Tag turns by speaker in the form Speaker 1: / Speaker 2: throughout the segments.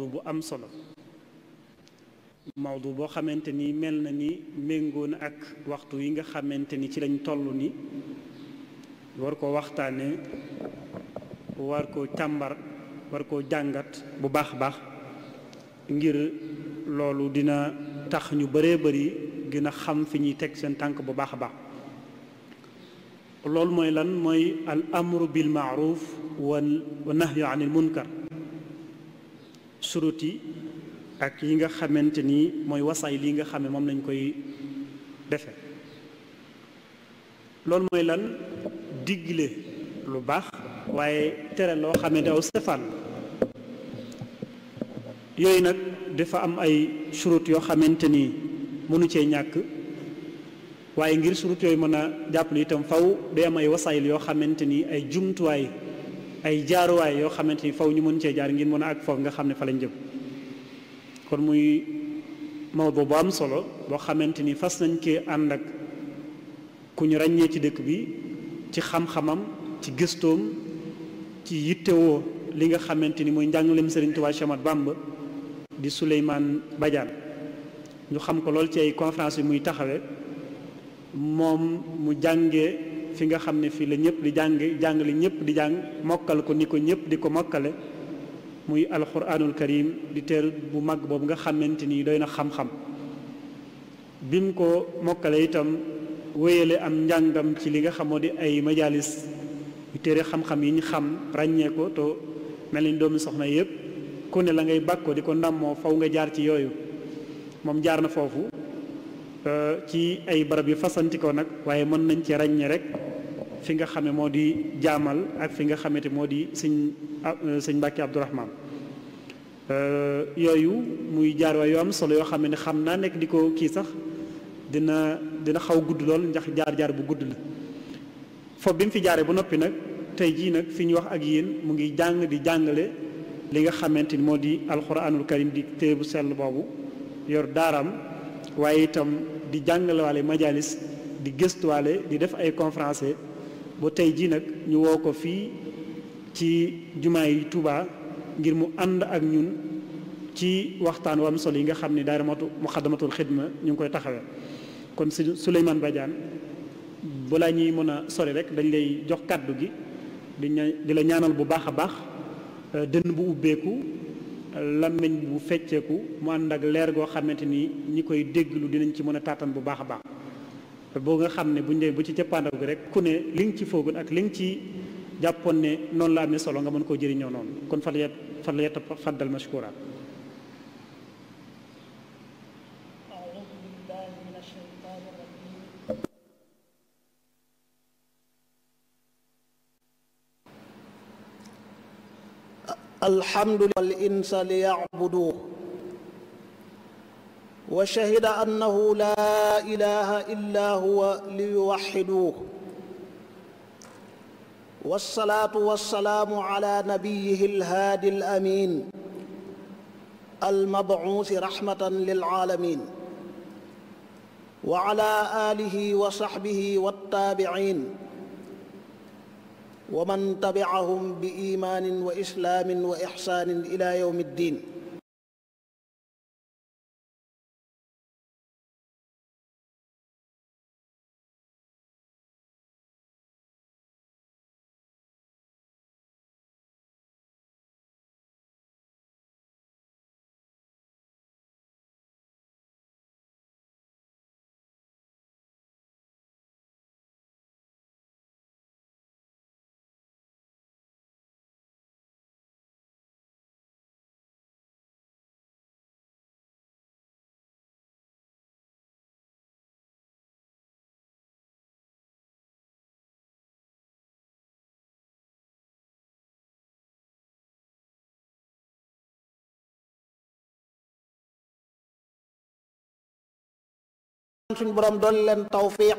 Speaker 1: mawdu am solo mawdu boo xamante ni mel na ni méngoo na ak waxtu yi nga xamante ni ci lañ toll ni war koo waxtaanee war koo càmbar war koo jàngat bu baax baax ngir loolu dina tax ñu bëree bëri gën a xam fi ñuy teg seen tànk bu baax a baax loolu mooy lan mooy al amru bil maaruf wa nahyu anil munkar surut yi ak yi nga xamante ni mooy wasaay lii nga xam ne moom lañ koy defe loolu mooy lan diggle lu baax waaye tere loo xam ne aw safaan yooyu nag dafa am ay surut yoo xamante ni mënu cee ñàkk waaye ngir surut yooyu mën a jàppale itam faw day am ay wasaayil yoo xamante ni ay jumtuwaay ay jaaruwaay yoo xamante ni faw ñu mën cee jaar ngir mën a ak foofu nga xam ne fa lañ jëm kon muy mawdu bu am solo boo xamante ni fas nañ kee ànd ak ku ñu ràññee ci dëkk bi ci xam-xamam ci gëstoom ci yittewoo li nga xamante ni mooy njàngaleem Sëriñ Tuubaa Cheikh Ahmadou Bamba di Souleymane Badiane ñu xam ko lool ci ay conférence yi muy taxawe moom mu jànge fi nga xam ne fii la ñëpp di jàng jàng li ñëpp di jàng mokkal ko ni ko ñëpp di ko mokkale muy alquranul karim di teer bu mag boobu nga xamante nii doy na xam-xam bim ko mokkale itam wéyale am njàngam ci li nga xamoo di ay majalis yu téere xam-xam yi ñu xam ràññee to mel ni doomu soxna yëpp ku ne la ngay bàkkoo di ko ndàmmoo faw nga jaar ci yooyu moom jaar na foofu Euh, ci ay barab yu fasantikoo nag waaye mën nañ ci ràññee rek fi nga xame moo di jaamal ak fi nga xamante moo di sëñ euh, sëñ Mbàkke Abdourahman euh, yooyu muy jaar waay yu am solo yoo xam ne xam naa nekk di ko kii sax dina dina xaw gudd lool ndax jaar-jaar bu gudd la foofu bi mu fi jaaree bu noppi nag tey jii nag fi ñu wax ak yéen mu ngi jàng di jàngale li nga xamante ni moo di alxuraanul karim di téere bu sell boobu yor daaram waaye itam di jàngalewaale majalis di gëstuwaale di def ay confrance ba tey jii nag ñu woo ko fii ci jumaa yi Touba ngir mu ànd ak ñun ci waxtaan wam solo yi nga xam ne daara Muxaddamatul Xidma ñu ngi koy taxawee kon sëñ Souleymane Badiane balaa ñuy mën a sori rek dañ lay jox kàddu gi di di la ñaanal bu baax a baax dënn bu ubbeeku lammiñ bu fecceeku mu ànd ak leer goo xamante ni ñi koy dégglu dinañ ci mën a tàttan bu baax a baax boo nga xam ne buñ demee bu ci cëppaandaw gi rek ku ne li nga ci foogoon ak li nga ci jàppoon ne noonu la amee solo nga mën koo jëriñoo noonu kon fal yet fal yet faddal mashkura
Speaker 2: alhamdu wal insa liyabuduuh wa shahida annahu laa ilaha illa huwa liyuwaxiduuh wassalaatu wassalaamu ala nabiyihi alhaadi alamin almabuusi rahmatan lilaalamin wa ala alihi wa saxbihi wattaabiciin
Speaker 3: wa man tabi'ahum bi imaanin wa islaamin wa ixsaanin ila yawmi ddiin suñ borom dool leen tawfiq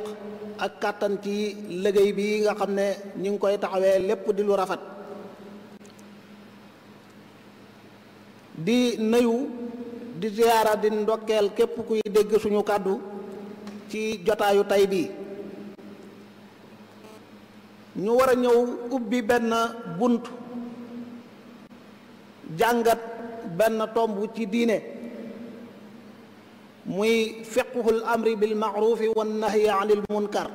Speaker 3: ak kàttan ci liggéey bi nga xam ne ñu ngi koy
Speaker 2: taxawee lépp di lu rafet di nuyu di ziyaara di ndokkeel képp kuy dégg suñu kàddu ci jotaayu tey bi ñu war ñëw ubbi benn bunt jàngat benn tomb ci diine muy fiqhul amri bil ma'rufi wan nahyi anil munkar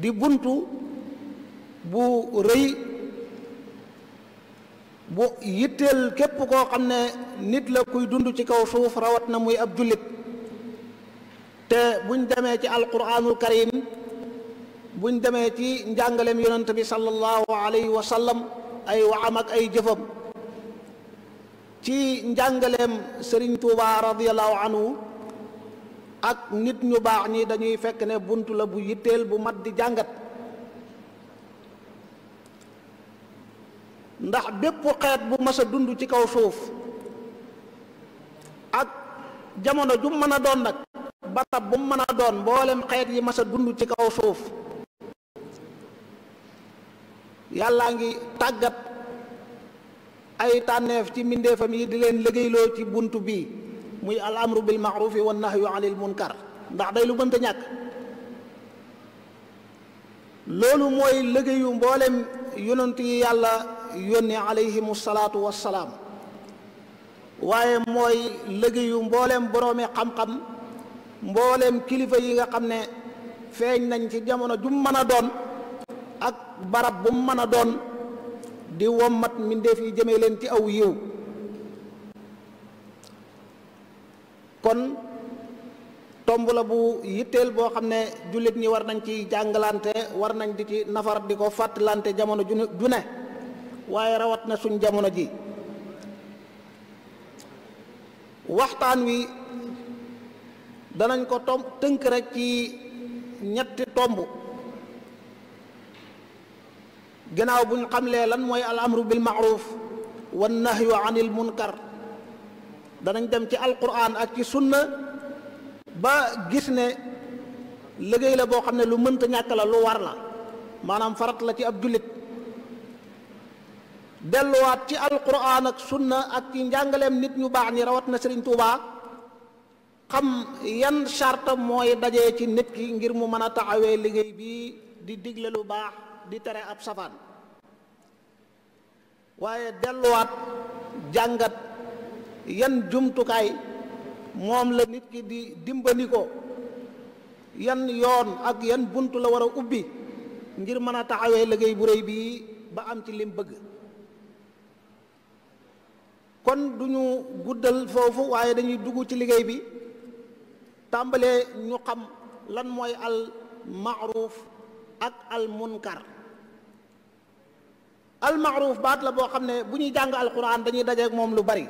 Speaker 2: di buntu bu rëy bu yitteel képp koo xam ne nit la kuy dund ci kaw suuf rawat na muy ab jullit te buñ demee ci alquranul karim buñ demee ci njàngaleem yonent bi sallallahu alayhi wa sallam ay waxam ak ay jëfam ci njàngaleem sëriñ Tuuba radiallahu ak nit ñu baax ñi dañuy fekk ne bunt la bu yitteel bu mat di jàngat ndax bépp xeet bu mas dund ci kaw suuf ak jamono ju mën a doon nag barab bu mën a doon mboolem xeet yi mas a dund ci kaw suuf yàllaa ngi tàggat ay tànneef ci mbindeefam yi di leen liggéeyloo ci bunt bi muy al amru bil maarufi wa nahyu anil munkar ndax day lu mënta ñàkk loolu mooy liggéeyu mboolem yonent yi yàlla yónni alayhimu salaatu wassalaam waaye mooy liggéeyu mboolem boroomi xam-xam mboolem kilifa yi nga xam ne feeñ nañ ci jamono ju mën a doon ak barab bu mën a doon di wommat mbindeef yi jëme leen ci aw yiw kon tomb la bu yitteel boo xam ne jullit ñi war nañ ci jàngalante war nañ di ci nafar di ko fàttalante jamono ju ne waaye rawat na suñ jamono ji waxtaan wi danañ ko tomb tënk rek ci ñetti tomb gannaaw buñ xamlee lan mooy al amru bil maaruf wan nahyu anil munkar danañ dem ci alquran ak ci sunna ba gis ne liggéey la boo xam ne lu mënta ñàkk la lu war la maanaam farat la ci ab jullit delluwaat ci alquran ak sunna ak ci njàngaleem nit ñu baax ni rawat na Sëriñ Tuubaa xam yan charte mooy dajee ci nit ki ngir mu mën a taxawee liggéey bi di digle lu baax di tere ab safaan waaye delluwaat jàngat yan jumtukaay moom la nit ki di dimbali ko yan yoon ak yan bunt la war a ubbi ngir mën a taxawee liggéey bu réy bii ba am ci lim bëgg kon duñu guddal foofu waaye dañuy dugg ci liggéey bi tàmbalee ñu xam lan mooy al ak al almaaruf baat la boo xam ne bu ñuy jàng alquran dañuy dajeeg moom lu bari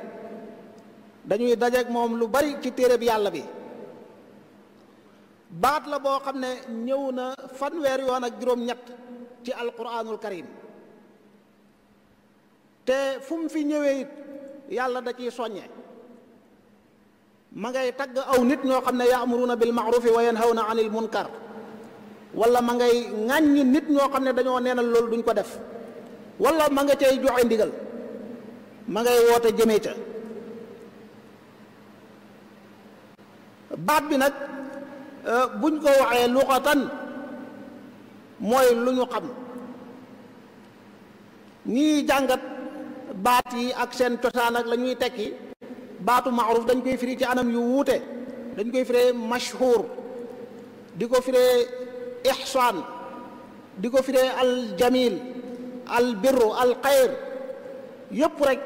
Speaker 2: dañuy dajeeg moom lu bari ci téere bi yàlla bi baat la boo xam ne ñëw na fanweer yoon ak juróom-ñett ci alquranul karim te fu mu fi ñëwee it yàlla da ciy soññe ma ngay tagg aw nit ñoo xam ne yaamuruuna bil maarufi wa yanhawna anil munkar wala ma ngay ŋàññi nit ñoo xam ne dañoo neenal loolu duñ ko def wala ma nga cay joxe ndigal ma ngay woote jëmee ca baat bi nag e, buñ ko waxee luqatan mooy lu ñu xam ñii jàngat baat yi ak seen cosaan ak la ñuy tekki baatu maaruf dañ koy firi ci anam yu wuute dañ koy firee mashhur di ko firee ixsaan di ko firee aljamil albirru alxayr yëpp rek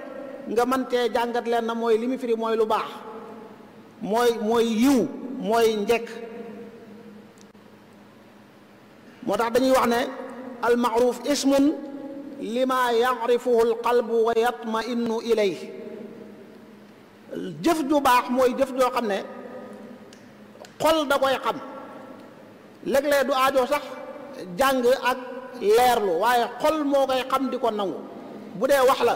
Speaker 2: nga mën cee jàngat leen na mooy li mu mooy lu baax mooy mooy yiw mooy njekk moo tax dañuy wax ne almaaruf ismun lima yaarifuhu alqalbu wa yatmainnu ilayh jëf ju baax mooy jëf joo xam ne xol da koy xam léeg-léeg du aajo sax jàng ak leerlu waaye xol moo koy xam di ko nangu bu dee wax la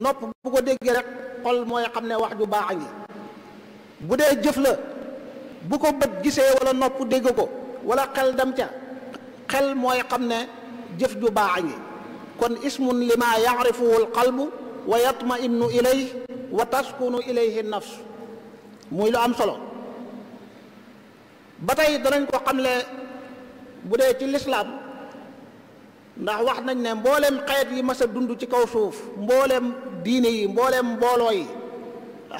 Speaker 2: nopp bu ko déggee rek xol mooy xam ne wax ju baax a ngi bu dee jëf la bu ko bët gisee wala nopp dégg ko wala xel dem ca xel mooy xam ne jëf ju baax a ngi kon ismun lima yaarifuhu alqalbu wa yatmainnu ilayh wa taskunu ilayhi nafs muy lu am solo ba tey danañ ko xam xamle bu dee ci lislaam ndax wax nañ ne mboolem xeet yi mas dund ci kaw suuf mboolem diine yi mboolem mbooloo yi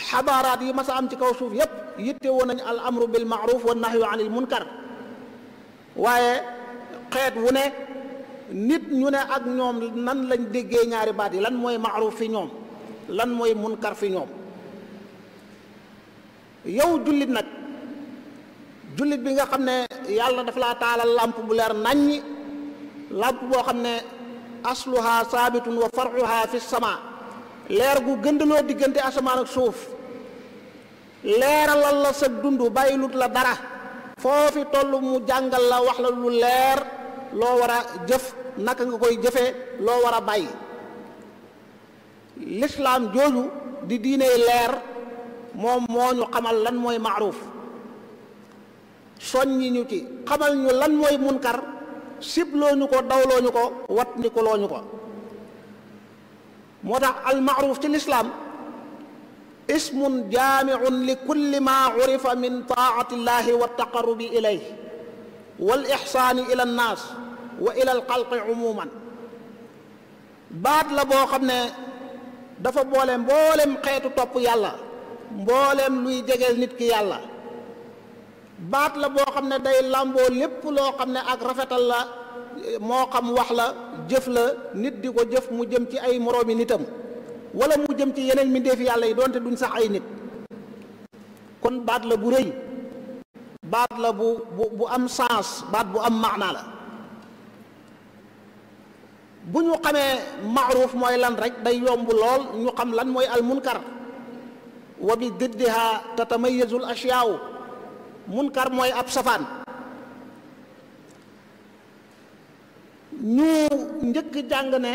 Speaker 2: xabaaraat yi mas am ci kaw suuf yépp yitte woon nañ al amru bil maaruf wa nahyu anil munkar waaye xeet wu ne nit ñu ne ak ñoom nan lañ déggee ñaari baat yi lan mooy maaruf fi ñoom lan mooy munkar fi ñoom yow jullit nag jullit bi nga xam ne yàlla def laa taalal làmp bu leer naññi làmp boo xam ne asluha saabitun wa far'uha fi sama leer gu gëndaloo diggante asamaan ak suuf leeralal la sa dund bàyyilut la dara foofi toll mu jàngal la wax la lu leer loo war jëf naka nga koy jëfee loo war a bàyyi lislaam jooju di diine leer moom moo ñu xamal lan mooy maaruuf soññi ñu ci xamal ñu lan mooy munkar siblooñu ko dawlooñu ko wat ni ko looñu ko moo tax almaaruf ci lislaam ismun jaamiun li kulli maa urifa min taati wa taqarrubi ilayh wal ixsaani ila nnaas wa ila alxalqi umuman baat la boo xam ne dafa boole mboolem xeetu topp yàlla mboolem luy jegeel nit ki yàlla baat la boo xam ne day làmboo lépp loo xam ne ak rafetal la moo xam wax la jëf la nit di ko jëf mu jëm ci ay moroomi nitam wala mu jëm ci yeneen mbindéefi yàlla yi donte duñ sax ay nit kon baat la bu rëy baat la bu bu am sens baat bu am maanaa la bu ñu xamee maaruf mooy lan rek day yomb lool ñu xam lan mooy al munkar wa bi diddiha tatamayyazul ashyaaw munkar mooy ab safaan ñu njëkk jàng ne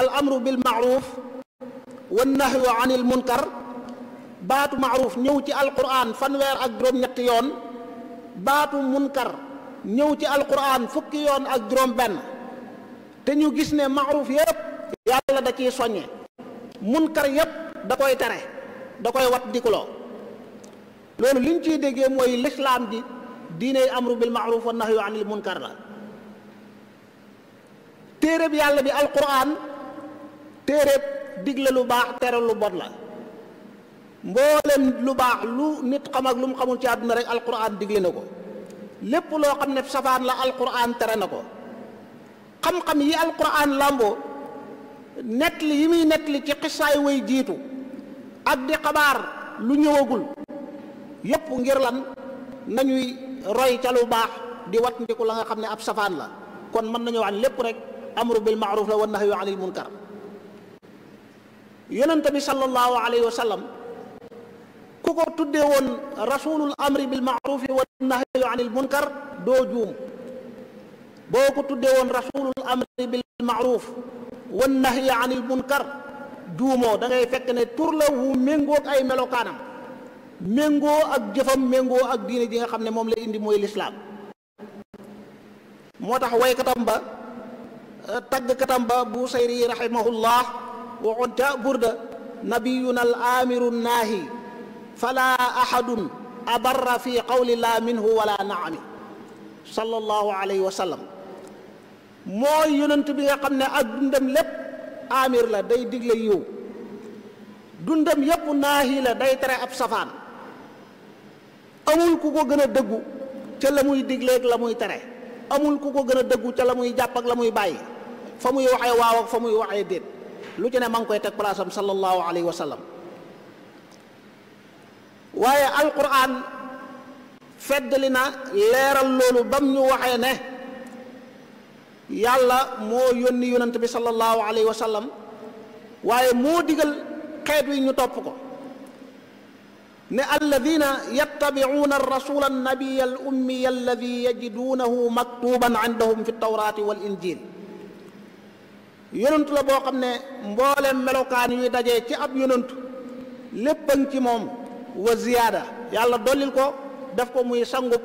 Speaker 2: al amru bil maaruf wa nahyu anil munkar baatu maaruf ñëw ci alquran fanweer ak juróom-ñetti yoon baatu munkar ñëw ci alquran fukki yoon ak juróom-benn te ñu gis ne maaruf yépp yàlla da ciy soññe munkar yépp da koy tere da koy wat dikuloo loolu liñ ciy déggee mooy lislaam ji diiney amru bil maaruf wa nahyu anil munkar la téeréb yàlla bi alquran téeréb digle lu baax tere lu bon la mboolem lu baax lu nit xam ak lu mu xamul ci àdduna rek alquran digle na ko lépp loo xam ne safaan la alquran tere na ko xam-xam yi alquran làmboo nett li yi muy nett li ci xissaay way jiitu ak di xabaar lu ñëwagul yépp ngir lan nañuy roy ca lu baax di wattandiku la nga xam ne ab safaan la kon mën nañu wax lépp rek amru bil maaruf la wa nahyu anil munkar yonent bi sallallahu alayhi wa sallam ku tuddee woon wa nahyu anil doo juum boo ko tuddee woon rasulul amri bil maaruf wa nahyu anil munkar juumoo da fekk ne tur la wu méngoog ay melokaanam méngoo ak jëfam méngoo ak diine ji nga xam ne moom la indi mooy lislaam moo tax waykatam ba taggkatam ba bu sayri rahimahullah waxoon ca burda nabiyuna al amiru naahi fala ahadun abarra fi qawli laa minhu wala naami sallallahu alayhi wa sallam mooy yonent bi nga xam ne ak dundam lépp amir la day digle yiw dundam yépp naahi la day tere ab safaan amul ku ko gën a dëggu ca la muy digleeg la muy tere amul ku ko gën a dëggu ca la muy jàpp ak la muy bàyyi fa muy waxee waaw ak fa muy waxee déet lu ci ne ma ngi koy teg place am sallallahu alayhi wa sallam na leeral loolu bam ñu waxee ne yàlla moo yónni yonent bi sallallahu alayhi wa sallam waaye moo digal xeet wi ñu topp ko ne alladina yattabicuuna arrasula annabiya al ummiya alladi yajiduunahu maktuban indahum fi tawraati wal injil yonentu la boo xam ne mboolem melokaan yuy daje ci ab yonentu léppañ ci moom wa ziyaada yàlla dollil ko def ko muy sangub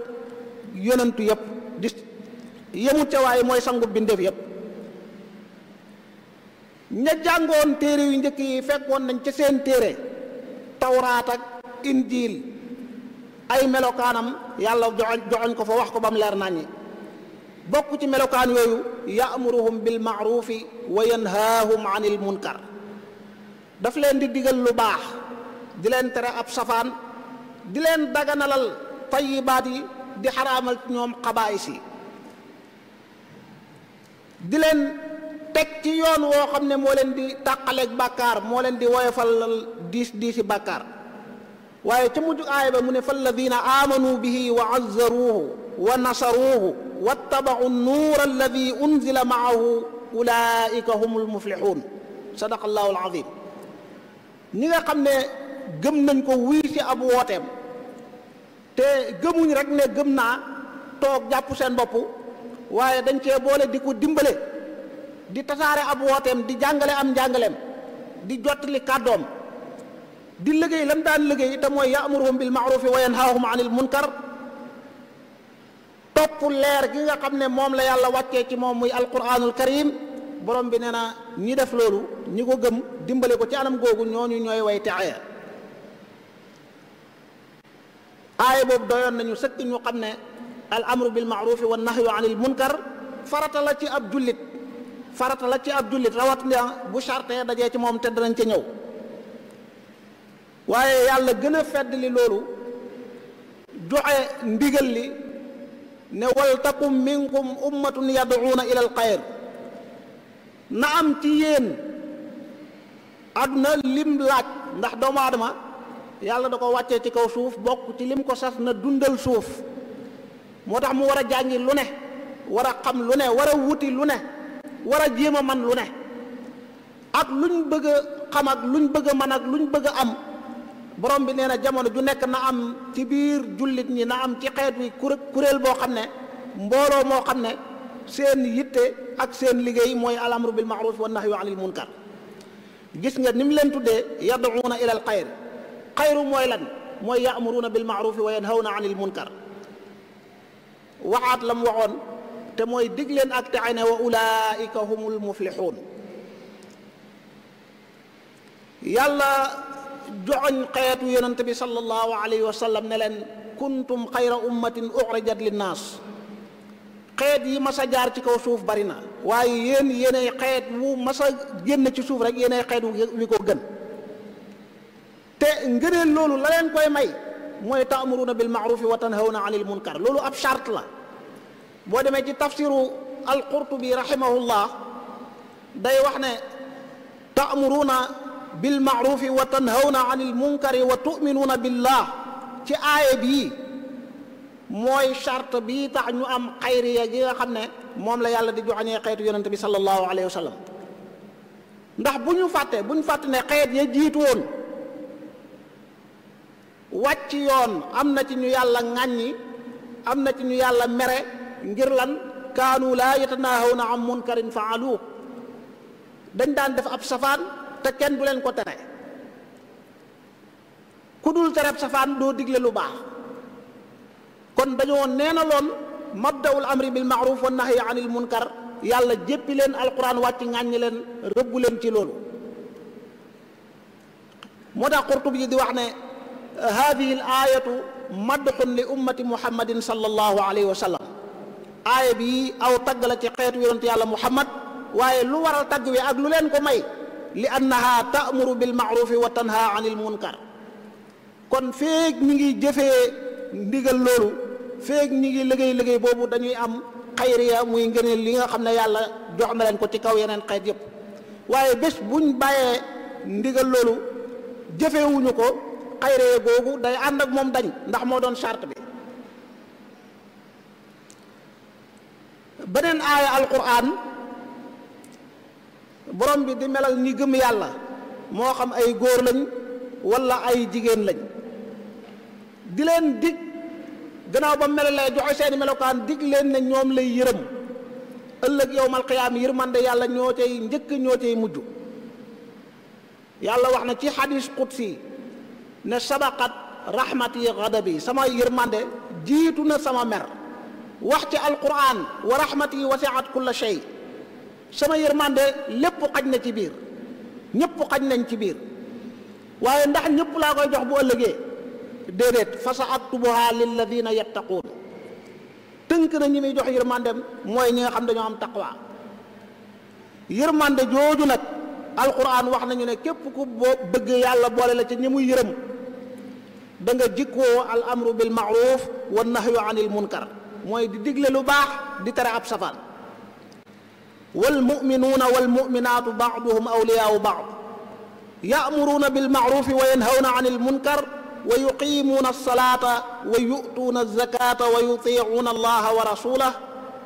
Speaker 2: yonantu yëpp di yemut ca waaye mooy sangub bindéef yëpp ña téere yu njëkk yi fekkoon nañ ca seen téere tawraat ak injiil ay melokaanam yàlla joxoñ ko fa wax ko ba mu leer naññi bokk ci melokaan yooyu yaamuruhum bil maarufi wa yanhaahum anil munkar daf leen di digal lu baax di leen tere ab safaan di leen daganalal tayyibaat yi di xaraamal ci ñoom xabaayis yi di leen teg ci yoon woo xam ne moo leen di tàqaleeg bàkkaar moo leen di woyofalal diis diisi bàkkaar waaye ca mujj aaya ba mu ne falladina amanu bihi wa azzaruuhu wa nasaruuhu wattabau nuur alladi unzila maahu ulaika hum almuflixuun sadaqa allahu alazim ñi nga xam ne gëm nañ ko wuy ci ab wooteem te gëmuñ rek ne gëm naa toog jàpp seen bopp waaye dañ cee boole di ko dimbale di tasaare ab wooteem di jàngale am njàngaleem di jottali kàddoom di liggéey lam daan liggéey te mooy yaamuruhum bil maarufi wa yanhaahum anil munkar topp leer gi nga xam ne moom la yàlla wàccee ci moom muy alquranul karim borom bi nee na ñi def loolu ñi ko gëm dimbale ko ci anam googu ñooñu ñooy way texee aaya boobu doyoon nañu sëkk ñu xam ne al amru bil maarufi wa nahyu anil munkar farata la ci ab jullit farata la ci ab jullit rawatina bu charte dajee ci moom te danañ ca ñëw waaye yàlla gën a feddali loolu joxe ndigal li ne wal minkum ummatun yad'uuna ila al na am ci yéen àdduna lim laaj ndax doomu aadama yàlla da ko wàccee ci kaw suuf bokk ci lim ko sas na dundal suuf moo tax mu war a jàngi lu ne war a xam lu ne war a wuti lu ne war a jéem man lu ne ak luñ bëgg xam ak luñ bëgg a man ak luñ bëgg a am borom bi nee na jamono ju nekk na am ci biir jullit ñi na am ci xeet wi kuréel boo xam ne mbooloo moo xam ne seen yitte ak seen liggéey mooy al amru bil wa nahyu anil munkar gis nga ni mu leen tuddee yad'uuna ila al xayr mooy lan mooy ya'muruuna bil maaruf wa yanhawna anil munkar waxaat la mu waxoon te mooy dig leen ak texe ne wa ulaika humul muflixuun yàlla joxoñ xeetu yonent bi sallallahu alayhi wa sallam ne leen kuntum xayra ummatin uxrijat linnaas xeet yi mas a jaar ci kaw suuf bari na waaye yéen yéenay xeet wu mas a ci suuf rek yeneen xeet wi ko gën te ngëneel loolu la koy may mooy taamuruna bil maarufi wa tanhawna anil munkar loolu ab charte la demee ci tafsiru al qurtubi rahimahullah day wax ne bilmaarufi wa tanhawna anil munkari wa tuminuuna billah ci aaya bii mooy charte bii tax ñu am xayriya gi nga xam ne moom la yàlla di joxañee xeetu yonente bi sallallahu alayhi wa sallam ndax bu ñu fàtte bu ñu fàtte ne xeet ya jiitu woon wàcc yoon am na ci ñu yàlla ŋàññi am na ci ñu yàlla mere ngir lan kaanu laa yatanahawna an munkarin faalu dañ daan def ab safaan te kenn bu leen ko tere ku dul tereb safaan doo digle lu baax kon dañoo neenaloon mabdawul amri bil maaruf wa nahyi anil munkar yàlla jéppi leen alquran wàcc ŋàññi leen rëbbu leen ci loolu moo tax qurtub yi di wax ne hadihi l ayatu madxun li ummati muhammadin sallallahu alayhi wa sallam aaya bi aw tagg la ci xeetu yonent yàlla muhammad waaye lu waral tagg wi ak lu leen ko may li annaha taamuru bil maarufi wa tanha anil munkar kon feeg ñi ngi jëfee ndigal loolu feeg ñi ngi liggéey liggéey boobu dañuy am xayriya muy ngëneel li nga xam ne yàlla jox na ko ci kaw yeneen xeet yëpp waaye bés buñ bàyyee ndigal loolu jëfewuñu ko xayriya googu day ànd ak moom dañ ndax moo doon charte bi beneen aaya alquran borom bi di melal ñi gëm yàlla moo xam ay góor lañ wala ay jigéen lañ di leen dig gannaaw ba melalee joxe seeni melokaan dig leen ne ñoom lay yërëm ëllëg yowmal qiyaam yërmande yàlla ñoo cay njëkk ñoo cay mujj yàlla wax na ci xadis qudsi ne sabaqat rahmati ghadabi sama yërmande jiitu na sama mer wax ci alquran wa rahmati wasiat kulla shay sama yërmande lépp xaj na ci biir ñëpp xaj nañ ci biir waaye ndax ñëpp laa koy jox bu ëllëgee déedéet fa sa aktubuha lilladina yattaquun tënk na ñi muy jox yërmandem mooy ñi nga xam dañoo am taqwa yërmande jooju nag alquran wax nañu ne képp ku boo bëgg yàlla boole la ci ñi muy yërëm da nga jikkoo al amru bil maaruf wa nahyu anil munkar mooy di digle lu baax di tere ab safaan walmuminuuna walmuminaatu baaduhum awliyaau baad yaamuruuna bilmaarufi wa yanhawna an almunkar wa yuqiimuuna alsalaata wa yu'tuuna alzakaata wa yutiicuuna allaha wa rasulah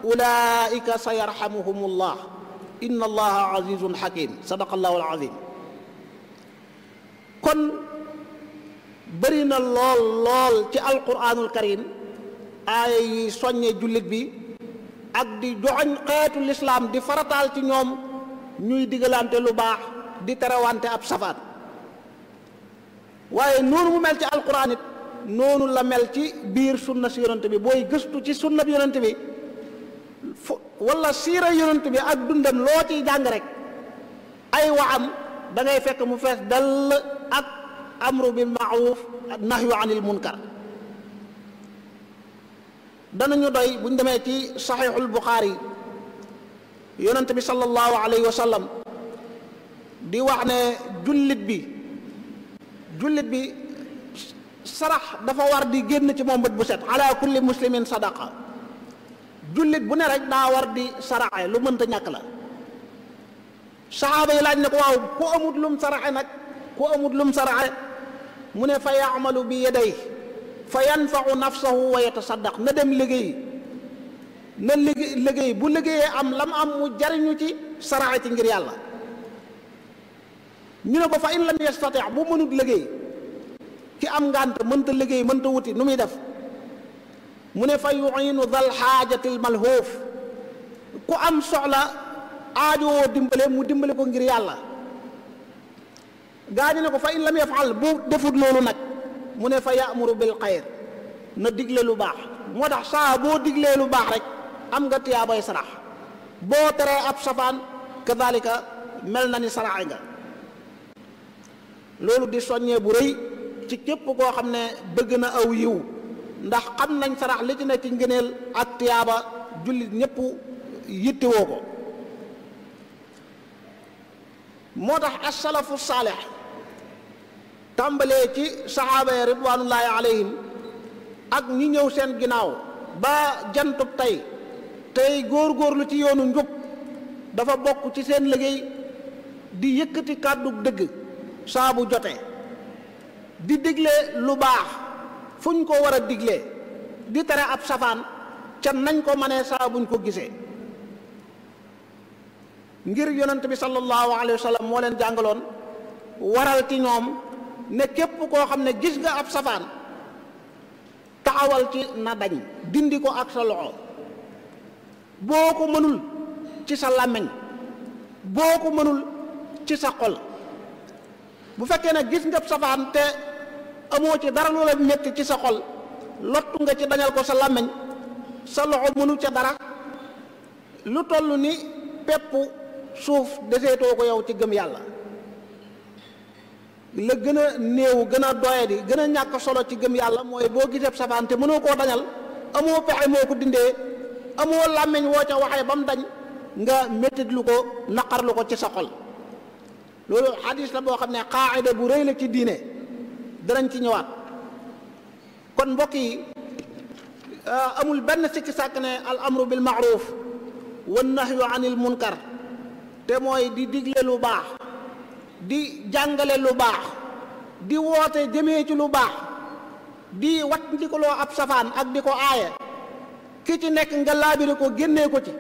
Speaker 2: ulaika sa yarxamuhum allah inna allaha azizun xakim sadaqa allahu alazim kon bëri na lool lool ci alquraanul karim aaya yi soññe jullit bi ak di joxoñ lislaam di farataal ci ñoom ñuy digalante lu baax di terewante ab safaan waaye noonu mu mel ci alquran it noonu la mel ci biir sunna si yonent bi booy gëstu ci sunna bi yonent bi fu wala siira yonent bi ak dundam loo ciy jàng rek ay wa dangay fekk mu fees dell ak amru bil maaruf nahyu anil munkar danañu doy bu ñu demee ci saxiixul buxaari yonent bi sallallahu alayhi wa sallam di wax ne jullit bi jullit bi sarax dafa war di génn ci moom bët bu set ala kulli muslimin sadaqa jullit bu ne rek daa war di saraxe lu mënta ñàkk la saxaaba yi laaj ne ko waaw ku amut lum saraxe nag ku amut lum saraxe mu ne fa yaamalu bi yedey fa yanfau nafsahu wa yatasaddaq na dem liggéey na liggéey liggéey bu liggéeyee am lam am mu jariñu ci saraxe ngir yàlla ñu ne ko fa in lam yastati bu mënut liggéey ki am ngànt mënta liggéey mënta wuti nu muy def mu ne fa yuinu dal xaajatil malhoof ku am soxla aajowoo dimbale mu dimbale ko ngir yàlla gaa ñu ne ko fa in lam yafal bu defut loolu nag mu ne fa yaamuru bil xayr na digle lu baax moo tax saa boo diglee lu baax rek am nga tiyaabay sarax boo teree ab safaan kadalika mel na ni saraxe nga loolu di soññee bu rëy ci képp koo xam ne bëgg na aw yiw ndax xam nañ sarax li ci ne ci ngëneel ak tiyaaba jullit ñépp yittewoo ko moo tax asalafu saalix tàmbalee ci saxaaba ya ridwanullahi alayhim ak ñi ñëw seen ginnaaw ba jantub tey tey góorgóorlu ci yoonu njub dafa bokk ci seen liggéey di yëkkati kàddu dëgg saabu bu jotee di digle lu baax fu ñu ko war a diglee di tere ab safaan ca nañ ko mënee saa ko gisee ngir yonent bi sallallahu alayhi wa moo leen jàngaloon waral ci ñoom ne képp koo xam ne gis nga ab safaan taxawal ci na dañ dindi ko ak sa loxo boo ko mënul ci sa làmmiñ boo ko mënul ci sa xol bu fekkee ne gis nga safaan te amoo ci dara lu la metti ci sa xol lottu nga ci dañal ko sa làmmiñ sa loxo mënul ca dara lu toll ni pepp suuf deseetoo ko yow ci gëm yàlla la gën a néew gën a doyadi gën a ñàkk solo ci gëm yàlla mooy boo gisee safaan te mënoo koo dañal amoo pexe moo ko dindee amoo làmmiñ woo ca waxee ba mu dañ nga mettitlu ko naqarlu ko ci sa xol loolu xadis la boo xam ne xaaida bu rëy la ci diine danañ ci ñëwaat kon mbokk yi euh, amul benn sikki sàkk ne al amru bil maaruf wan nahyu anil munkar te mooy di digle lu baax di jàngale lu baax di woote jëmee ci lu baax di wat di ab safaan ak di ko aaye ki ci nekk nga laabire ko génnee ko ci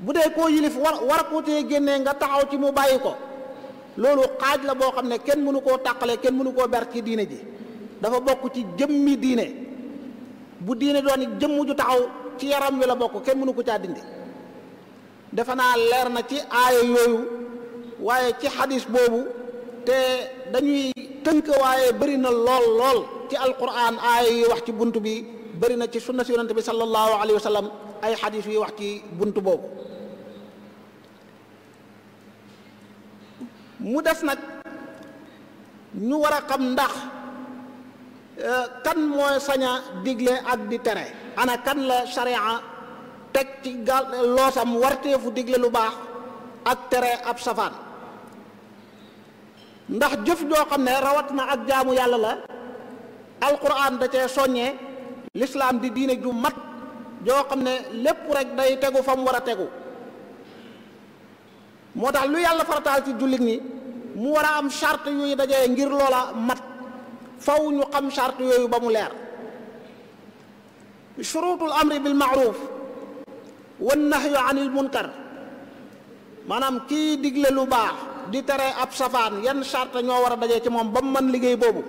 Speaker 2: bu dee koo yilif war war ko tee génnee nga taxaw ci mu bàyyi ko loolu xaaj la boo xam ne kenn mënu koo tàqale kenn mënu koo ber ci diine ji dafa bokk ci jëmmi diine bu diine doon jëmm ju taxaw ci yaram wi la bokk kenn mënu ko caa dindi naa leer na ci aaya yooyu waaye ci xadis boobu te dañuy tënk waaye bëri na lool lool ci alquran aaya yi wax ci bunt bi bëri na ci sunna si yonante bi sallallahu alayhi wa sallam ay xadis yi wax ci bunt boobu mu des nag ñu war a xam ndax euh, kan mooy saña digle ak di tere ana kan la sharia teg ci gaal loosam warteefu digle lu baax ak tere ab safaan ndax jëf joo xam ne rawat na ak jaamu yàlla la alquran da cee soññee lislaam di diine ju mat joo xam ne lépp rek day tegu fa mu war a tegu moo tax lu yàlla farataal ci jullit ñi mu war a am charte yuy dajee ngir loola mat faw ñu xam charte yooyu ba mu leer shurutul amri bil maaruf wan nahyu anil munkar maanaam kii digle lu baax di tere ab safaan yan charte ñoo war a dajee ci moom ba mu mën liggéey boobu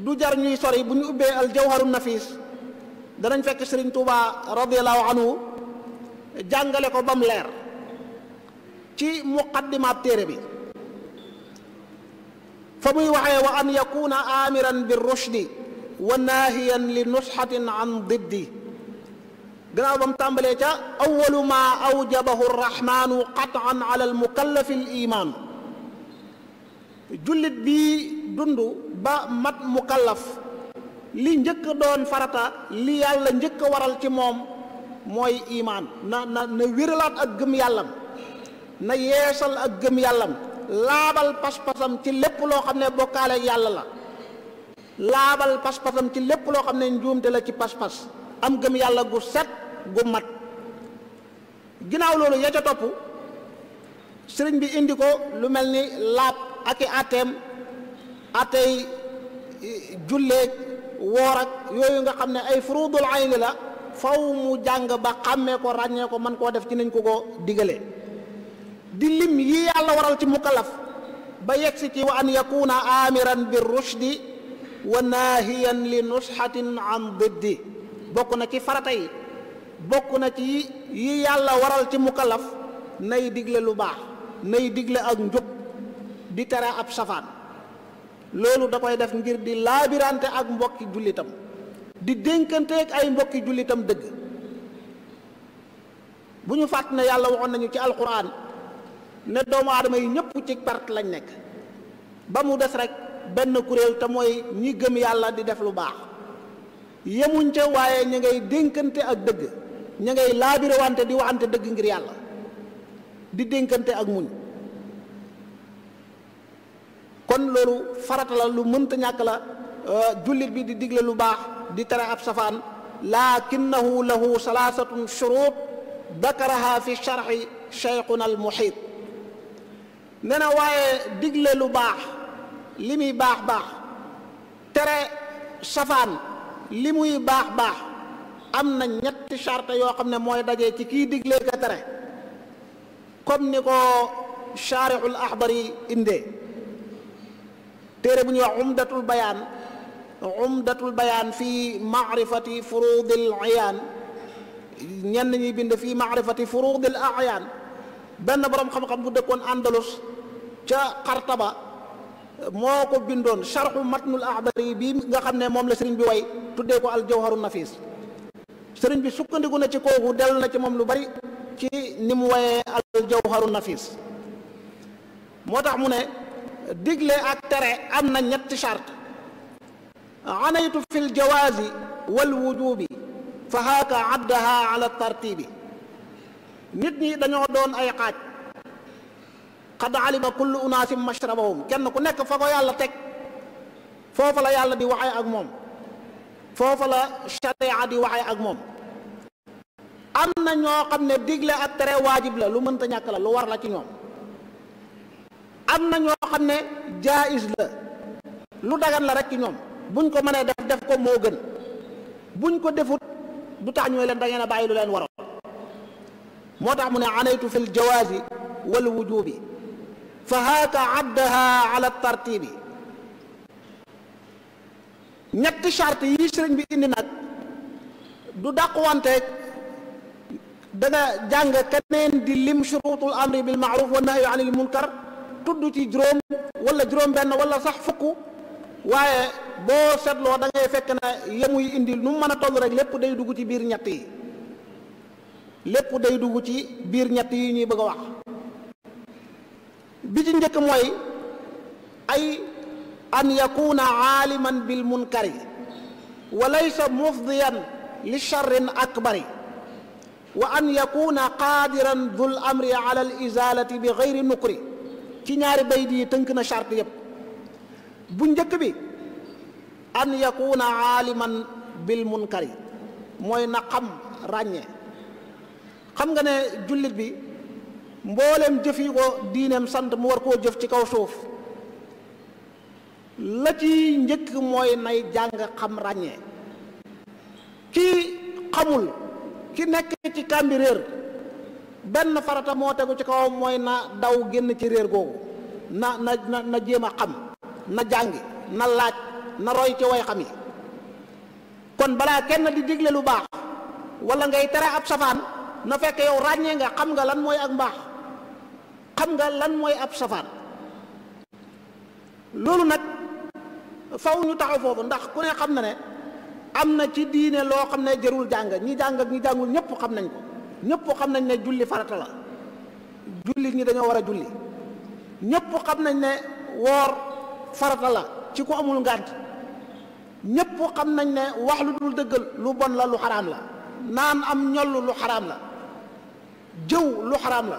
Speaker 2: du jar ñuy sori bu ñu ubbee al nafis danañ fekk sëriñ Touba radiallahu anhu jàngale ko ba mu leer ci muqaddimaab téere bi fa muy waxee wa an yakuna amiran bi rushdi wa naahiyan li nusxatin an diddi gannaaw ba mu tàmbalee ca awalu maa awjabahu rrahmanu qatan ala almukallafi l jullit bii dund ba mat mukallaf li njëkk doon farata li yàlla njëkk waral ci moom mooy imaan na na na wéralaat ak gëm yàllam na yeesal ak gëm yàllam laabal pas-pasam ci lépp loo xam ne bokkaale yàlla la laabal pas-pasam ci lépp loo xam ne njuumte la ci pas-pas am gëm yàlla gu set gu mat ginnaaw loolu ya ca topp sëriñ bi indi ko lu mel ni laab ak i àtteem àttey e, julleeg woor yooyu nga xam ne ay furudul ayni la faw mu jàng ba xàmmee ko ràññee ko man koo def ci nañ ko ko digale di lim yi yàlla waral ci mukallaf ba yegsi ci wa an yakuna amiran bi rushdi wa naahiyan li nushatin an diddi bokk na ci farata yi bokk na ci yi yàlla waral ci mukallaf nay digle lu baax nay digle ak njub di tere ab safaan loolu da koy def ngir di laabirante ak mbokki jullitam di dénkanteeg ay mbokki jullitam dëgg bu ñu fàtt ne yàlla waxoon nañu ci alxuraan ne doomu aadama yi ñëpp ci perte lañ nekk ba mu des rek benn kuréel te mooy ñi gëm yàlla di def lu baax yemuñ ca waaye ña ngay dénkante ak dëgg ña ngay laabire di waxante dëgg ngir yàlla di dénkante ak muñ kon loolu farata lu mënta ñàkk la euh, jullit bi di digle lu baax di tere ab safaan lakinnahu lahu salaasatun shurut dakaraha fi sharxi cheikhuna al nee na waaye digle lu baax li muy baax baax tere safaan li muy baax baax am na ñetti charte yoo xam ne mooy dajee ci kii diglee ka tere comme ni ko charixul axbar yi téere bu ñuy wax umdatul bayaan umdatul bayaan fii maarifati furudil ayaan ñenn ñuy bind fii maarifati furudil ayaan benn boroom xam-xam bu dëkkoon andalus ca xartaba moo ko bindoon charxu matnul axdari bii nga xam ne moom la sëriñ bi way tuddee ko aljawharu nafis sëriñ bi sukkandiku na ci kooku dellu na ci moom lu bari ci ni mu wayee aljawharu nafis moo tax mu ne digle ak tere am na ñetti charte anaytu fi ljawaazi wal wujubi fa haaka addaha ala tartibi nit ñi dañoo doon ay xaaj xad alima kullu unaasim mashrabahum kenn ku nekk fa ko yàlla teg foofa la yàlla di waxee ak moom foofa la sharia di waxee ak moom am na ñoo xam ne digle ak tere waajib la lu mënta ñàkk la lu war la ci ñoom am na ñoo xam ne jaayis la lu dagan la rek ci ñoom buñ ko mënee def def ko moo gën buñ ko defut du tax ñooy leen da bàyyi lu leen waroon moo tax mu ne anaytu fil jawaazi wal wujubi fa haaka addaha ala tartibi ñetti charte yi sëriñ bi indi nag du dàquwante danga jàng keneen di lim shurutul amri bil maaruf wa nahyu anil munkar tudd ci juróom wala juróom benn wala sax fukk waaye boo seetloo dangay ngay fekk ne yemuy indi nu mën a toll rek lépp day dugg ci biir ñett yi lépp day dugg ci biir ñett yi ñuy bëgg a wax bi ci njëkk mooy ay an yakuna aaliman bil munkari wa li charrin akbari wa an yakuna qaadiran dul amri ala al izalati bi ci ñaari bayt yi tënk na charte yépp bu njëkk bi an yakuna aaliman bil munkari mooy na xam ràññee xam nga ne jullit bi mboolem jëf yi ko diineem sant mu war koo jëf ci kaw suuf la ci njëkk mooy nay jàng xam ràññee kii xamul ki nekk ci kàmbi réer benn farata moo tegu ci kawam mooy na daw génn ci réer googu na na na na jéem a xam na jàngi na laaj na roy ci way xam yi kon balaa kenn di digle lu baax wala ngay tere ab safaan na fekk yow ràññee nga xam nga lan mooy ak mbaax xam nga lan mooy ab safaan loolu nag faw ñu taxaw foofu ndax ku ne xam na ne am na ci diine loo xam ne jërul jàng ñi jàng ñi jàngul ñëpp xam nañ ko ñëpp xam nañ ne julli farata la julli ñi dañoo war a julli ñëpp xam nañ ne woor farata la ci ku amul ngànt ñëpp xam nañ ne wax lu dul dëggal lu bon la lu xaraam la naan am ñoll lu xaraam la jëw lu xaraam la